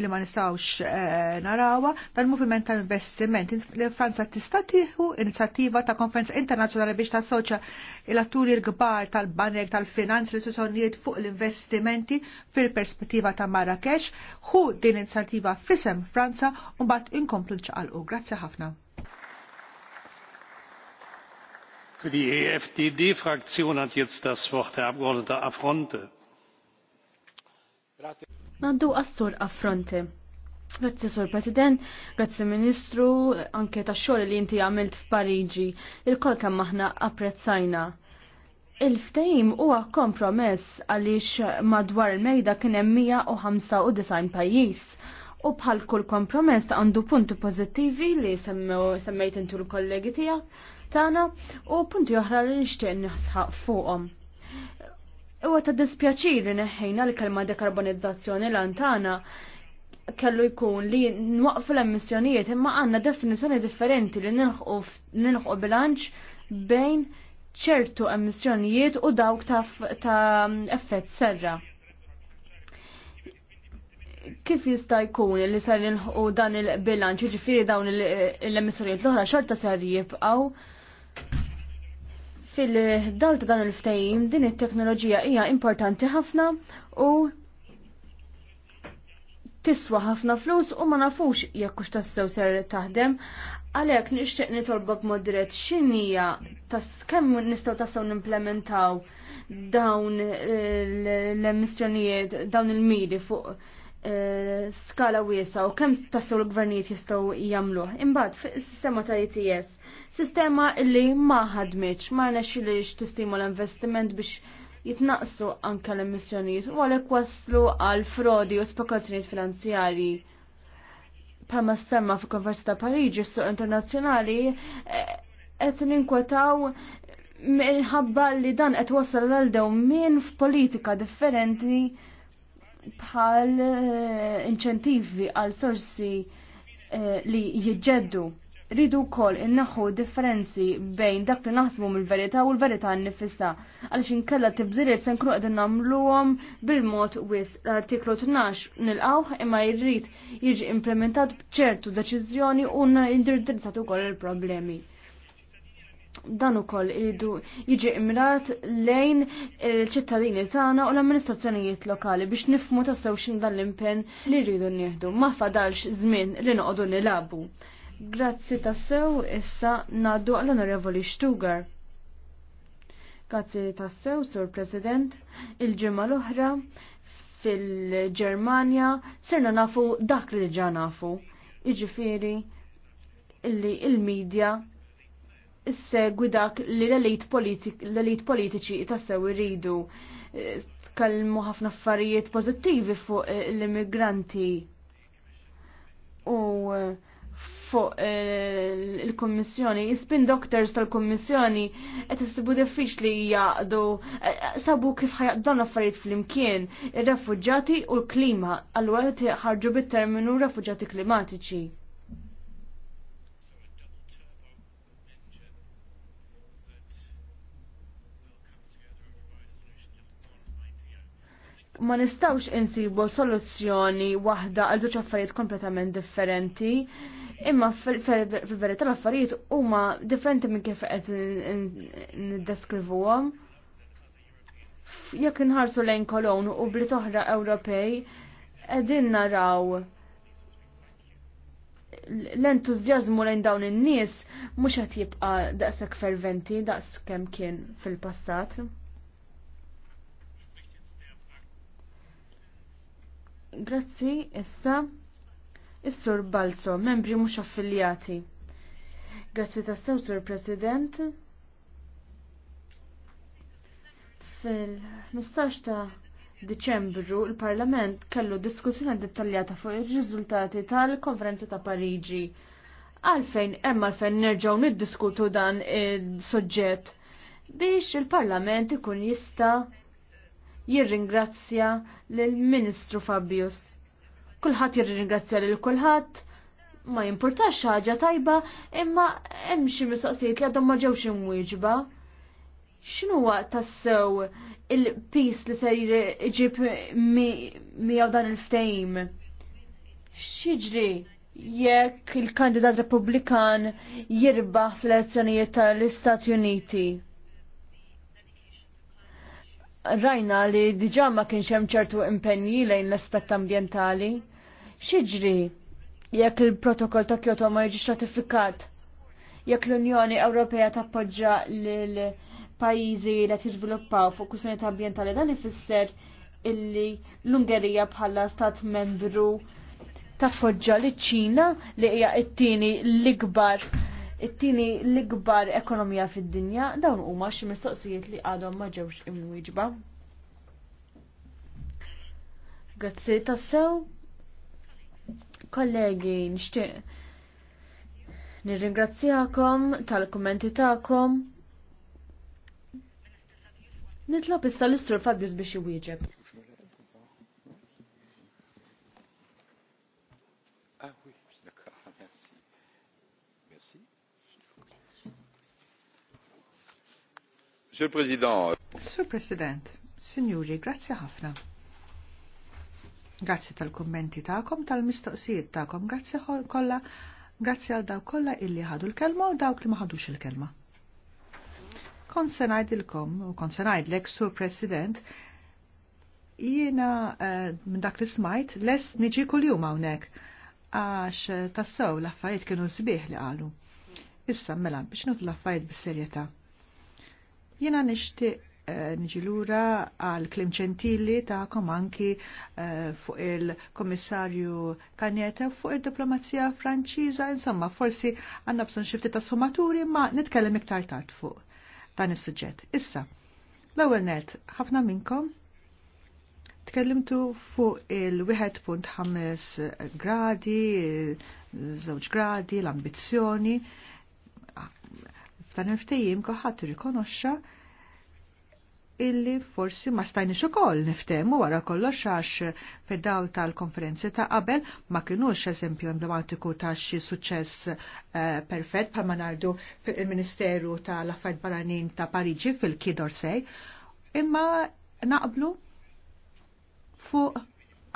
li ma nistawx eh, narawa tal movement tal-investiment. Franza tista' tieħu inizjattiva ta' konferenza internazzjonali biex ta' soċa il atturi l-kbar tal-banek tal-finanz l-istituzzjonijiet fuq l-investimenti fil-perspettiva ta' Marrakesh hu din inizjattiva fisem Franza u mbagħad inkomplu nċaqalqu. Grazzi ħafna. Für die EFDD-Fraktion hat jetzt das Wort der Abgeordnete Affronte. Grazie. Naddu għassur affronti. Grazzi, Sur President, grazzi Ministru, anke ta' xogħol li inti għamilt f'Pariġi. Il-kol kemm aħna apprezzajna. Il-ftehim huwa kompromess għaliex madwar il-mejda kien hemm 195 pajjiż. U bħal kull kompromess għandu punti pożittivi li semmejt intu l-kollegi tiegħek tagħna u punti oħra li nixtieq nisħaq fuqhom Ewa ta' dispjaċiri neħħejna l-kelma dekarbonizzazzjoni l-antana kellu jkun li nwaqfu l-emissjonijiet imma għanna definizjoni differenti li nilħu bilanċ bejn ċertu emissjonijiet u dawk ta', effett serra. Kif jista' jkun li sar nilħu dan il-bilanċ, ġifiri dawn l-emissjonijiet l-oħra xorta ser jibqgħu fil dal ta' dan il-ftehim din it-teknoloġija hija importanti ħafna u tiswa ħafna flus u ma nafux jekk hux tassew ser taħdem. Għalhekk nixtieq nitolbok modret x'inija tas kemm nistgħu tassew nimplementaw dawn l-emissjonijiet, dawn il mili fuq eh, skala wiesa u kemm tassew l-gvernijiet jistgħu jagħmluh. Imbagħad fis-sistema tal-ETS sistema li ma ħadmitx, ma rnex li tistimu l-investiment biex jitnaqsu anka l-emissjonijiet u għalhekk waslu għal frodi u spekulazzjonijiet finanzjarji. s semma fi konversi ta' Pariġi, suq internazzjonali, eh, qed ninkwetaw minħabba li dan qed wasal minn f f'politika differenti bħal eh, inċentivi għal sorsi eh, li jieġeddu Ridu kol innaħu differenzi bejn dak li naħsbu mill-verità u l-verità nifissa. Għalix inkella tibdiliet se nkunu qegħdin nagħmluhom bil-mod wis l-artiklu 12 nil-għawħ imma jrid jiġi implementat b'ċertu deċiżjoni u indirizzat ukoll il-problemi. Dan ukoll jidu jiġi imrat lejn il-ċittadini tagħna u l-amministrazzjonijiet lokali biex nifmu tassew x'in dan l-impenn li rridu nieħdu. Ma fadalx żmien li noqogħdu nilabu. Grazzi tassew issa naddu għall-Onorevoli Stugar. Grazzi tassew, Sur President, il-ġimma l-oħra fil ġermania serna nafu dak li ġa nafu. Iġifiri, illi il-medja segwi dak li l-elit politiċi tas-sew iridu eh, Kalmu ħafna affarijiet pozittivi fuq eh, l-immigranti u eh, fuq eh, il-Kommissjoni, spin doctors tal-Kommissjoni et istibu diffiċ li jgħadu, eh, sabu kif ħajaqdaw affarijiet fl-imkien il-refugġati u l-klima, għal-għalet ħarġu bit-terminu refugġati klimatiċi. ma nistawx insibu soluzzjoni wahda għal żewġ affarijiet kompletament differenti. Imma fil-verità l-affarijiet huma differenti minn kif qed niddeskrivuhom. Jekk inħarsu lejn Kolon u bli toħra Ewropej, qegħdin naraw l-entużjażmu lejn dawn in-nies mhux qed jibqa' daqshekk ferventi daqs kemm kien fil-passat. Grazzi, issa. Is-Sur Balzo, membri mhux affiljati. Grazzi tassew, Sur President. Fil-15 ta' Diċembru il-Parlament kellu diskussjoni dettaljata fuq ir-riżultati tal-Konferenza ta' Pariġi. Għalfejn hemm għalfejn nerġgħu niddiskutu dan is-soġġett biex il-Parlament ikun jista' jirringrazzja lill-Ministru Fabius Kulħadd jirringrazzja lil kulħadd ma jimpurtax ħaġa tajba imma hemm xi mistoqsijiet li għadhom ma ġewx imwieġba. X'inhuwa tassew il-pis li se jġib miegħu dan il-ftehim? X'jiġri jekk il-kandidat Repubblikan jirbaħ fl-elezzjonijiet tal-Istati Uniti? Rajna li diġà ma kienx hemm ċertu impenji lejn l-aspett ambjentali. Xiġri jekk il-protokoll ta' Kyoto ma jiġix ratifikat? Jekk l-Unjoni Ewropea tappoġġa lil pajjiżi li qed jiżviluppaw fuq kwistjonijiet ambjentali dan ifisser illi l-Ungerija bħala stat membru tappoġġa li ċina li hija t-tieni l-ikbar it-tieni l-ikbar ekonomija fid-dinja dawn huma xi mistoqsijiet li għadhom ma ġewx imwieġba. Grazzi tassew kollegi, nixtieq nirringrazzjakom tal kommenti tagħkom. Nitlob issa l-istur Fabius biex iwieġeb. Ah Monsieur le Président, Signori, grazie ħafna. Grazzi tal-kommenti ta'kom, tal-mistoqsijiet ta'kom, grazzi kolla, grazzi għal dawk kolla illi ħadu l-kelma u dawk li ma ħadux il-kelma. Konsenajd se ngħidilkom u kon se ngħidlek sur President, jiena eh, minn dak li smajt les niġi kuljum hawnhekk għax eh, tassew l-affarijiet kienu sbieħ li qalu. Issa mela biex nut l-affarijiet bis-serjetà. Jiena nixtieq Eh, nġilura għal klim ċentilli ta'kom anki eh, fuq il-Komissarju Kanjeta fuq il-diplomazija franċiża, insomma, forsi għanna bżon xifti ta' sfumaturi ma nitkellem iktar tard fuq dan is-suġġett. Issa, l-ewwel net, ħafna minnkom Tkellimtu fuq il-1.5 gradi, żewġ gradi, l-ambizzjoni. Ah, f'dan il-ftejjim koħat rikonoxxa illi forsi ma stajni ukoll niftemu wara kollox għax fid-dawl tal-konferenzi ta' qabel ma kienux eżempju emblematiku ta' xi suċċess eh, perfett bħalma ngħidu il-Ministeru tal affarid Barranin ta' Pariġi fil-Kidor sej, imma naqblu fuq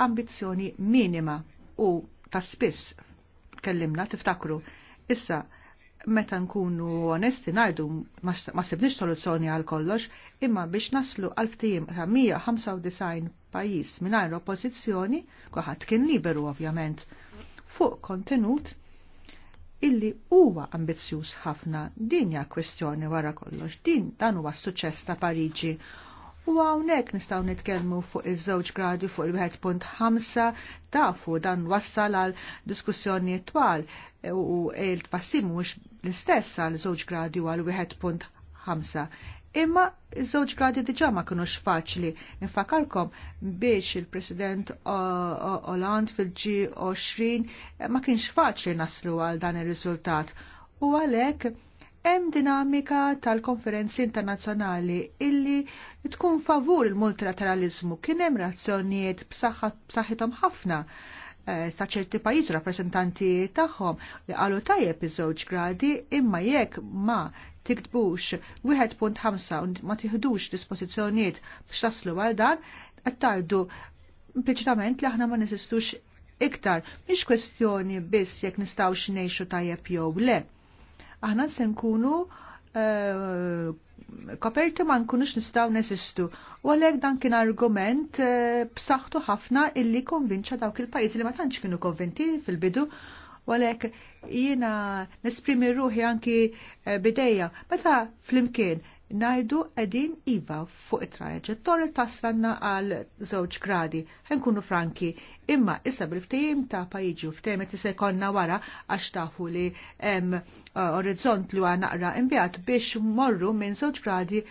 ambizzjoni minima u ta' spiss kellimna tiftakru. Issa, meta nkunu onesti najdu ma sibniex soluzzjoni għal kollox, imma biex naslu għal ftijim ta' 195 pajis mingħajr oppożizzjoni, kuħadd kien liberu ovvjament, fuq kontenut illi huwa ambizzjuż ħafna din hija kwestjoni wara kollox, din dan huwa s-suċċess ta' Pariġi U hawnhekk nistgħu nitkellmu fuq iż-żewġ gradi fuq il-1.5 tafu dan wassal għal diskussjoni twal u il-tfassim mhux l-istess għal żewġ gradi u għal 1.5 imma iż-żewġ gradi diġà ma kinux faċli. Infakarkom biex il-President Hollande fil-G20 ma kienx faċli naslu għal dan ir-riżultat. U għalhekk hemm dinamika tal-konferenzi internazzjonali illi tkun favur il-multilateralizmu kien hemm razzjonijiet b'saħħithom ħafna ta' eh, ċerti pajjiż rappresentanti tagħhom li qalu tajjeb iż-żewġ gradi imma jekk ma tiktbux 1.5 ma tiħdux dispożizzjonijiet biex taslu għal dan qed tgħidu impliċitament li aħna ma nesistux iktar mhix kwestjoni biss jekk nistgħux ngħixu tajjeb jew le aħna se nkunu eh, koperti ma nkunux nistaw nesistu. U għalek dan kien argument eh, b'saħħtu ħafna illi konvinċa dawk il-pajjiżi li ma tantx kienu konvinti fil-bidu u għalek jiena nesprimi ruħi anki eh, bidejja. Meta flimkien najdu edin iva fuq it-trajeġettorja taslanna għal żewġ gradi. Ħenkunu franki, imma issa bil ftehim ta' u f'tehmet se konna wara għax tafu li hemm uh, orizzont li għan naqra imbiat biex morru minn żewġ gradi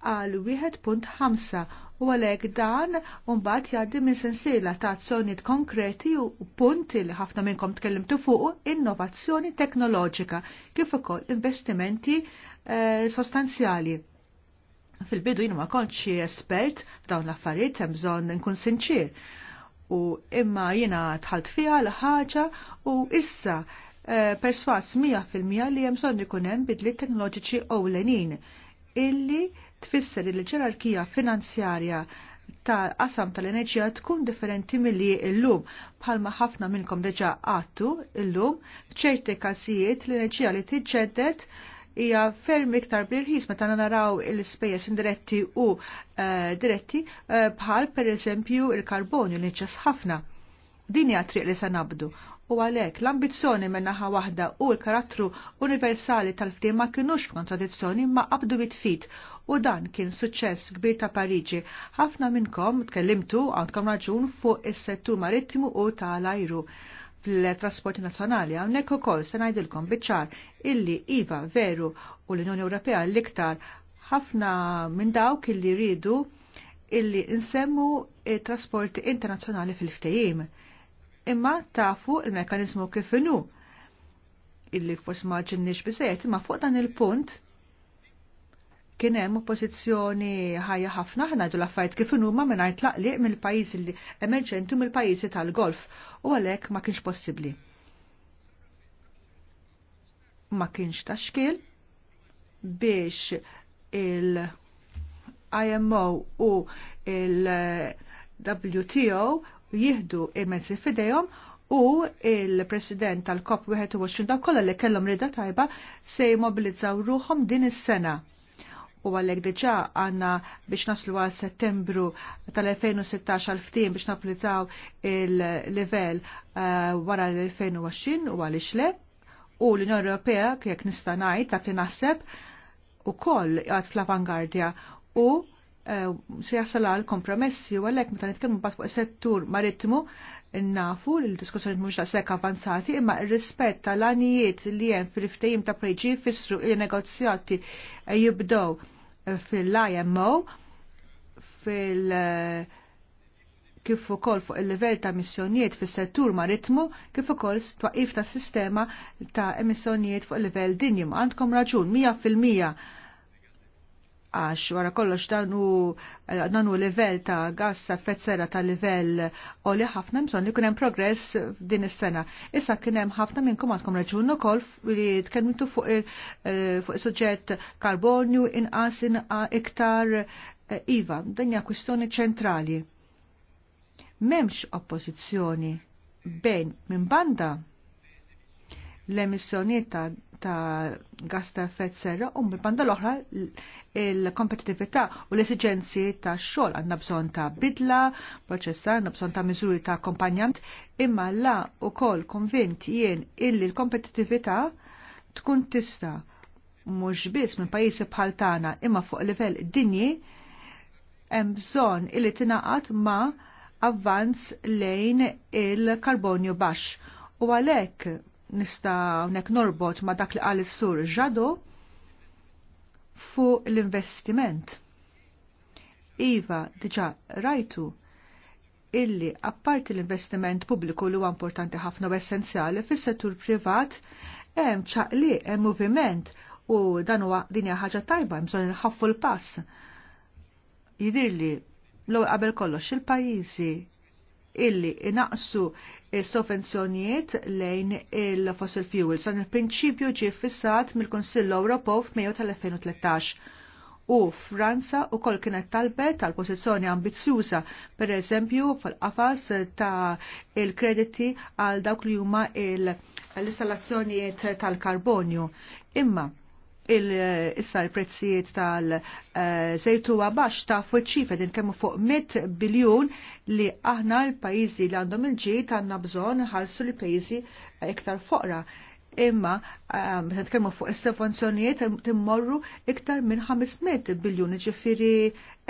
għal 1.5 u għalhekk dan mbagħad jgħaddi minn sensila ta' azzjonijiet konkreti u punti li ħafna minnkom tkellimtu fuq innovazzjoni teknoloġika kif ukoll investimenti eh, sostanzjali. Fil-bidu jien ma kontx espert f'dawn l-affarijiet hemm bżonn nkun sinċir. U imma jiena tħalt fiha l-ħaġa u issa eh, perswas 100% li hemm bżonn ikun hemm bidliet teknoloġiċi ewlenin illi tfisser li l-ġerarkija finanzjarja ta' qasam tal-enerġija tkun differenti milli illum bħalma ħafna minnkom deġa għattu illum f'ċerti każijiet l-enerġija li tiġġedded hija ferm iktar birħis meta naraw il-spejjeż indiretti u eh, diretti eh, bħal pereżempju il-karbonju li ġas ħafna. Din hija triq li se nabdu u għalhekk l-ambizzjoni min-naħa waħda u l-karattru universali tal-ftim ma kinux f'kontradizzjoni ma qabdu bitfit u dan kien suċċess kbir ta' Pariġi. Ħafna minnkom tkellimtu għandkom raġun fuq is-settur marittimu u tal-ajru fil-trasporti nazzjonali hawnhekk ukoll se ngħidilkom biċ-ċar illi iva veru u l-Unjoni Ewropea l-iktar ħafna minn dawk illi rridu illi nsemmu trasporti internazzjonali fil-ftehim. Imma tafu il-mekanizmu kif inhu illi forsi ma ġinniex biżejjed imma fuq dan il-punt kien hemm oppożizzjoni ħajja ħafna ħna għadu l-affarijiet kif huma mingħajr tlaqliq mill-pajjiżi li emerġenti mill-pajjiżi tal-Golf u għalhekk ma kienx possibbli. Ma kienx ta' biex il-IMO u il-WTO jihdu il-mezzi fidejhom u il-President tal-COP21 daw kollha li kellhom rida tajba se jmobilizzaw ruhom din is-sena u għallek diġa għanna biex naslu għal settembru tal-2016 għal-ftim biex naplitaw il-level eh, wara l-2020 u għal le u l-Unjoni Ewropea kjek nista' ngħid dak li naħseb ukoll għad fl-avangardja u eh, se jasal għal kompromessi u għallek meta nitkellmu bat fuq settur marittmu nafu li l-diskussjoni mhux daqshekk avanzati imma r-rispett tal-għanijiet li hemm fil-ftehim ta' preġi jfissru li negozjati jibdew fil-IMO fil- eh, kif ukoll fuq il-livell ta' emissjonijiet fis-settur maritmu kif ukoll twaqif ta' sistema ta' emissjonijiet fuq il-livell dinji ma għandkom raġun 100 fil-mija għax wara kollox danu eh, danu livell ta' gas ta' fetzera ta' livell oli ħafna bżonn li kunem hemm progress din is-sena. Issa kien hemm ħafna minnkom għandkom raġun ukoll li tkellmtu fuq il eh, suġġett karbonju inqas iktar eh, iva, dinja kwistjoni ċentrali. M'hemmx oppożizzjoni bejn minn banda l-emissjoniet ta', ta gas ta' effett serra u mill-banda l-oħra il-kompetitività u l-esigenzi ta' xogħol għandna bżonn ta' bidla, proċessar, għandna bżonn ta' miżuri ta' kompanjant, imma la ukoll konvint jien illi l-kompetitività tkun tista' mhux biss minn pajjiżi bħal tagħna imma fuq livell dinji hemm bżonn illi tingħaqad ma' avvanz lejn il-karbonju baxx. U għalhekk nista' nek norbot ma dak li qal is-sur ġadu fuq l-investiment. Iva, diġa, rajtu illi apparti l-investiment pubbliku li huwa importanti ħafna u essenzjali fis-settur privat hemm ċaqli hemm moviment u dan huwa din hija ħaġa tajba bżonn inħaffu l-pass. Jidirli l-ewwel qabel kollox il-pajjiżi illi inaqsu s-sovvenzjonijiet lejn il-fossil fuels. San il-prinċipju ġie fissat mill-Konsill Ewropew f'Mejju tal-2013 u Franza u kol kienet talbet tal pożizzjoni ambizjuża, per eżempju fil-qafas ta' il-krediti għal dawk li huma l-installazzjonijiet tal-karbonju. Imma il-issa l-prezzijiet tal-zejtu għabax ta' fuq ċifra kemmu fuq 100 biljun li aħna l-pajizi li għandhom il-ġid għandna bżon ħalsu li pajizi iktar foqra. Imma, um, meta kemmu fuq is-sovvenzjonijiet timmorru iktar minn 500 biljon ġifieri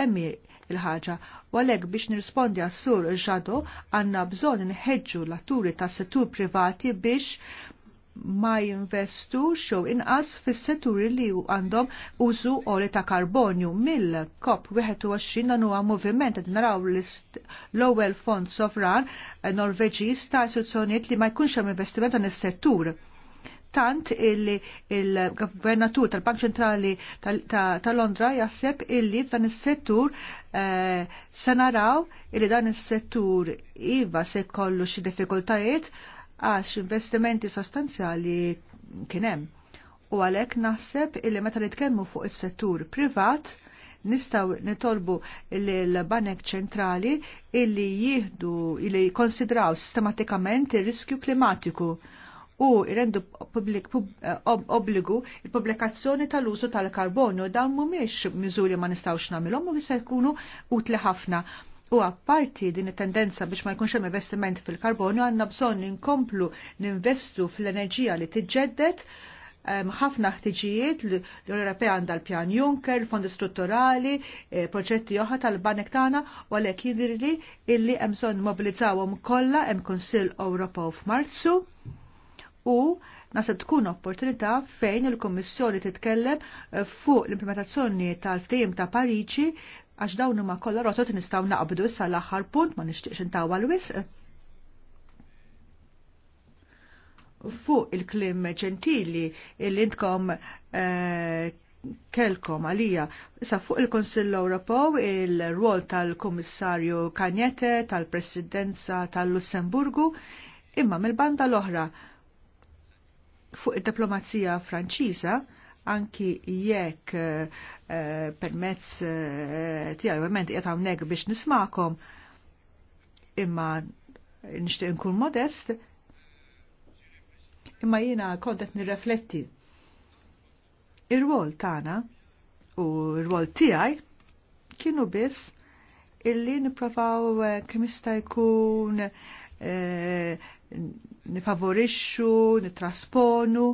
emmi il-ħaġa. U għalhekk biex nirrispondi għas-sur ġadu għandna bżonn nħedġu l-atturi tas-settur privati biex ma jinvestu xew inqas fis-setturi li għandhom użu oli ta' karbonju mill-COP 21 dan huwa moviment qed naraw l-ewwel fond sovran eh, Norveġiż ta' istituzzjonijiet li ma jkunx hemm investiment dan is-settur tant illi il-governatur tal-Bank Ċentrali ta' Londra jaħseb illi f'dan is-settur eh, se naraw illi dan is-settur iva se jkollu xi diffikultajiet għax investimenti sostanzjali kienem. U għalek naħseb illi meta nitkellmu fuq is-settur privat, nistaw nitolbu l-Banek ċentrali illi jihdu, illi konsidraw sistematikament il-riskju klimatiku u jrendu eh, obbligu il-publikazzjoni tal-użu tal karbonu dan mhumiex miżuri ma nistgħux namilom u se jkunu utli ħafna U apparti din it-tendenza biex ma jkunx hemm investiment fil-karbonju għandna bżonn inkomplu ninvestu fl-enerġija li tiġġedded ħafna ħtiġijiet l-Unjoni Ewropea għandha l-pjan Juncker, fondi strutturali, e, proġetti oħra tal-banek tagħna u għalhekk jidhirli illi hemm bżonn mobilizzawhom kollha hemm Kunsill Ewropew f'Marzu u nasib tkun opportunità fejn il-Kommissjoni titkellem e, fuq l-implementazzjoni tal-ftehim ta' Pariċi għax dawn huma kollha rotot nistgħu naqbdu issa l-aħħar punt ma nixtieqx intaw l-wisq. Fuq il-klim ġentili il intkom eh, kelkom għalija. Issa fuq il-Konsill Ewropew il-rwol tal-Kummissarju Kanjete tal-Presidenza tal-Lussemburgu imma mill-banda l-oħra fuq id-diplomazija Franċiża anki jekk eh, eh, permezz eh, tiegħi ovvjament qed hawnhekk biex nismakom imma nixtieq nkun modest imma jiena kont qed nirrefletti ir-rwol tagħna u r-rwol tiegħi kienu biss illi nipprovaw kemm jista' jkun nifavorixxu, nitrasponu,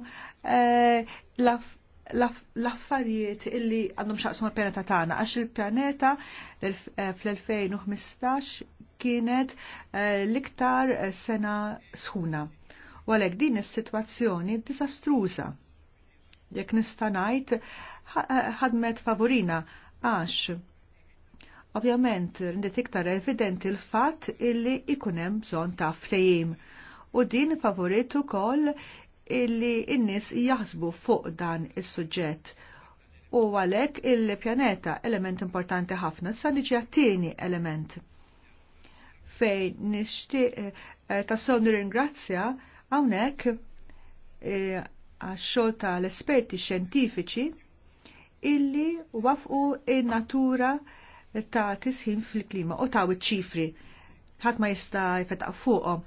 l-affarijiet illi għandhom xaqsum l-pjaneta tagħna għax il-pjaneta eh, fl-2015 kienet eh, l-iktar eh, sena sħuna. U għalhekk din is-sitwazzjoni diżastruża. Jekk nista' ngħid ħadmet favorina għax ovvjament rendiet iktar evidenti l-fatt illi ikun hemm bżonn ta' ftehim u din favoritu ukoll illi n-nies jaħsbu fuq dan is-suġġett. U għalhekk il-pjaneta element importanti ħafna sa niġi għattini element fejn nixtieq eh, tassew ringrazzja hawnhekk eh, għax-xogħol tal-esperti xjentifiċi illi wafqu il natura ta' tisħin fil-klima u ta' ċifri ħadd ma jista' jfetaq fuqhom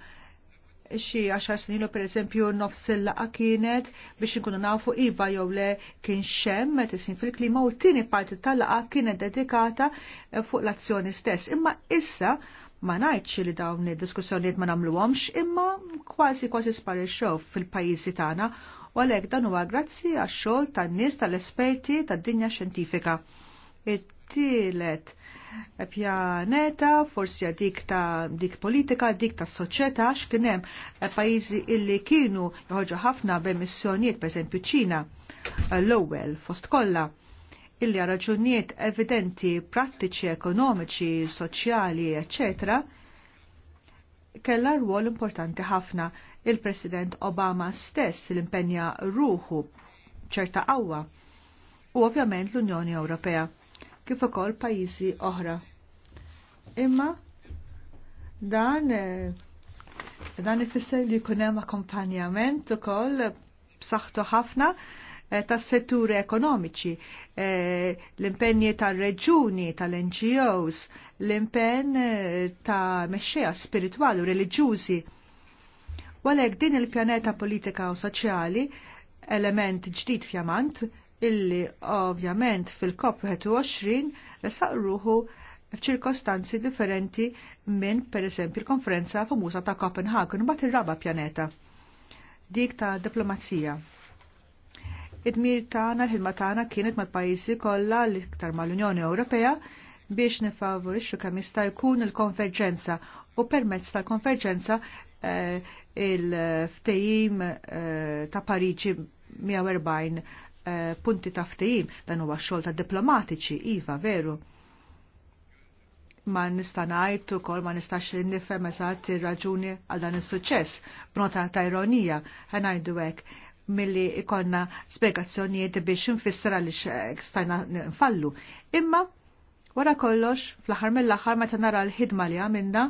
xi 10 snin pereżempju nofs il-laqa kienet biex inkunu nafu iva jew le kien xem tisin fil-klima u t-tieni parti tal-laqa kienet dedikata eh, fuq l-azzjoni stess. Imma issa ma ngħidx li dawn id-diskussjonijiet ma nagħmluhomx imma kważi kważi sparixxew fil-pajjiżi tagħna u għalhekk dan huwa grazzi għax-xogħol tan-nies tal-esperti tad-dinja xjentifika tielet pjaneta, forsi dik ta' dik politika, dik ta' soċieta, għax kien hemm eh, pajjiżi illi kienu joħorġu ħafna b'emissjonijiet, esempio Ċina, eh, l-ewwel fost kollha illi raġunijiet evidenti prattiċi, ekonomiċi, soċjali, eccetera, kella rwol importanti ħafna il-President Obama stess l-impenja ruħu ċerta qawwa u ovvjament l-Unjoni Ewropea kif ukoll pajjiżi oħra. Imma dan eh, dan ifisser li jkun hemm akkompanjament ukoll b'saħħtu ħafna eh, tas setturi ekonomiċi, eh, l impenni tal-reġuni, tal-NGOs, l-impenn ta' mexxeja spiritwali u reliġjużi. Walek din il-pjaneta politika u soċjali, element ġdid fjamant, illi ovvjament fil-COP21 resaq ruħu f'ċirkostanzi differenti minn per esempio il-konferenza famuża ta' Copenhagen mbagħad ir-raba pjaneta. Dik ta' diplomazija. Id-mir tagħna l-ħilma tagħna kienet mal-pajjiżi kollha l-iktar mal-Unjoni Ewropea biex nifavorixxu kemm jista' jkun il-konverġenza u permezz tal-konverġenza eh, il-ftehim eh, ta' Pariġi 140 Eh, punti ta' ftehim dan huwa xogħol ta' diplomatiċi iva veru. Ma nista' ngħid ukoll ma nistax nifhem eżatt ir-raġuni għal dan is-suċċess. B'nota ta' ironija ħa ngħidu hekk milli ikonna spiegazzjonijiet biex nfissra li stajna nfallu. Imma wara kollox fl-aħħar mill-aħħar meta nara l-ħidma li għamilna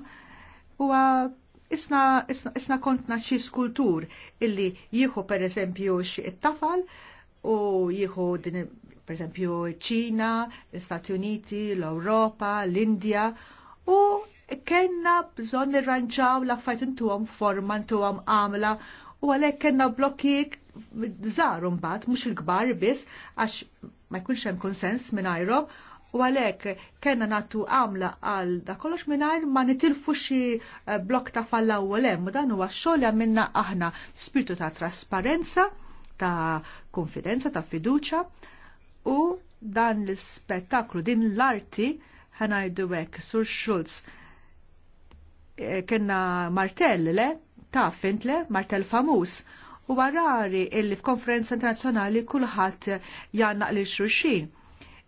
huwa isna, isna, isna kontna xi skultur illi jieħu per eżempju xi it-tafal u jieħu din per esempio ċina, l-Stati Uniti, l-Europa, l-Indja u kena bżon nirranġaw l intu intuħom forma intuħom għamla u għalek kena blokkiet zaħru mbat, mux il-gbar bis, għax ma jkunx hemm konsens minn ajro, u għalek kena natu għamla għal da kollox minn ma nitilfu xi eh, blok ta' falla u għalem, u dan huwa xogħol għamilna aħna spiritu ta' trasparenza, ta' konfidenza, ta' fiduċa u dan l-spettaklu, din l-arti ħanajdu hekk sur Schulz. E, kena martell le, ta' le, martell famuż. U għarari illi f'konferenza internazzjonali kulħadd jannaq li xulxin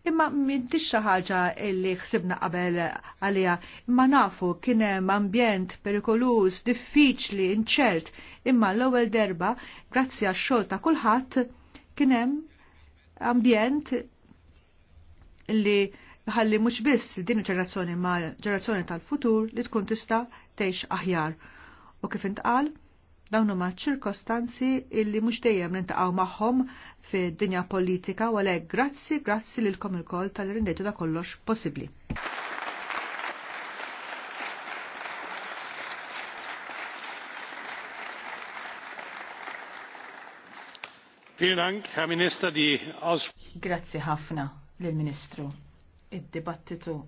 imma m'intix xi ħaġa li ħsibna qabel għaliha, imma nafu kien hemm ambjent perikoluż, diffiċli, inċert, imma l-ewwel derba, grazzi għax-xogħol ta' kulħadd, kien hemm ambjent li ħalli mhux biss din il-ġerazzjoni ma' ġerazzjoni tal-futur li tkun tista' tgħix aħjar. U kif intqal, Dawn huma ċirkostanzi illi mhux dejjem nintaqgħu magħhom fid-dinja politika u għalhekk grazzi, grazzi lilkom ilkoll tal-rindejtu da kollox possibbli. Grazzi ħafna lill-Ministru. Id-dibattitu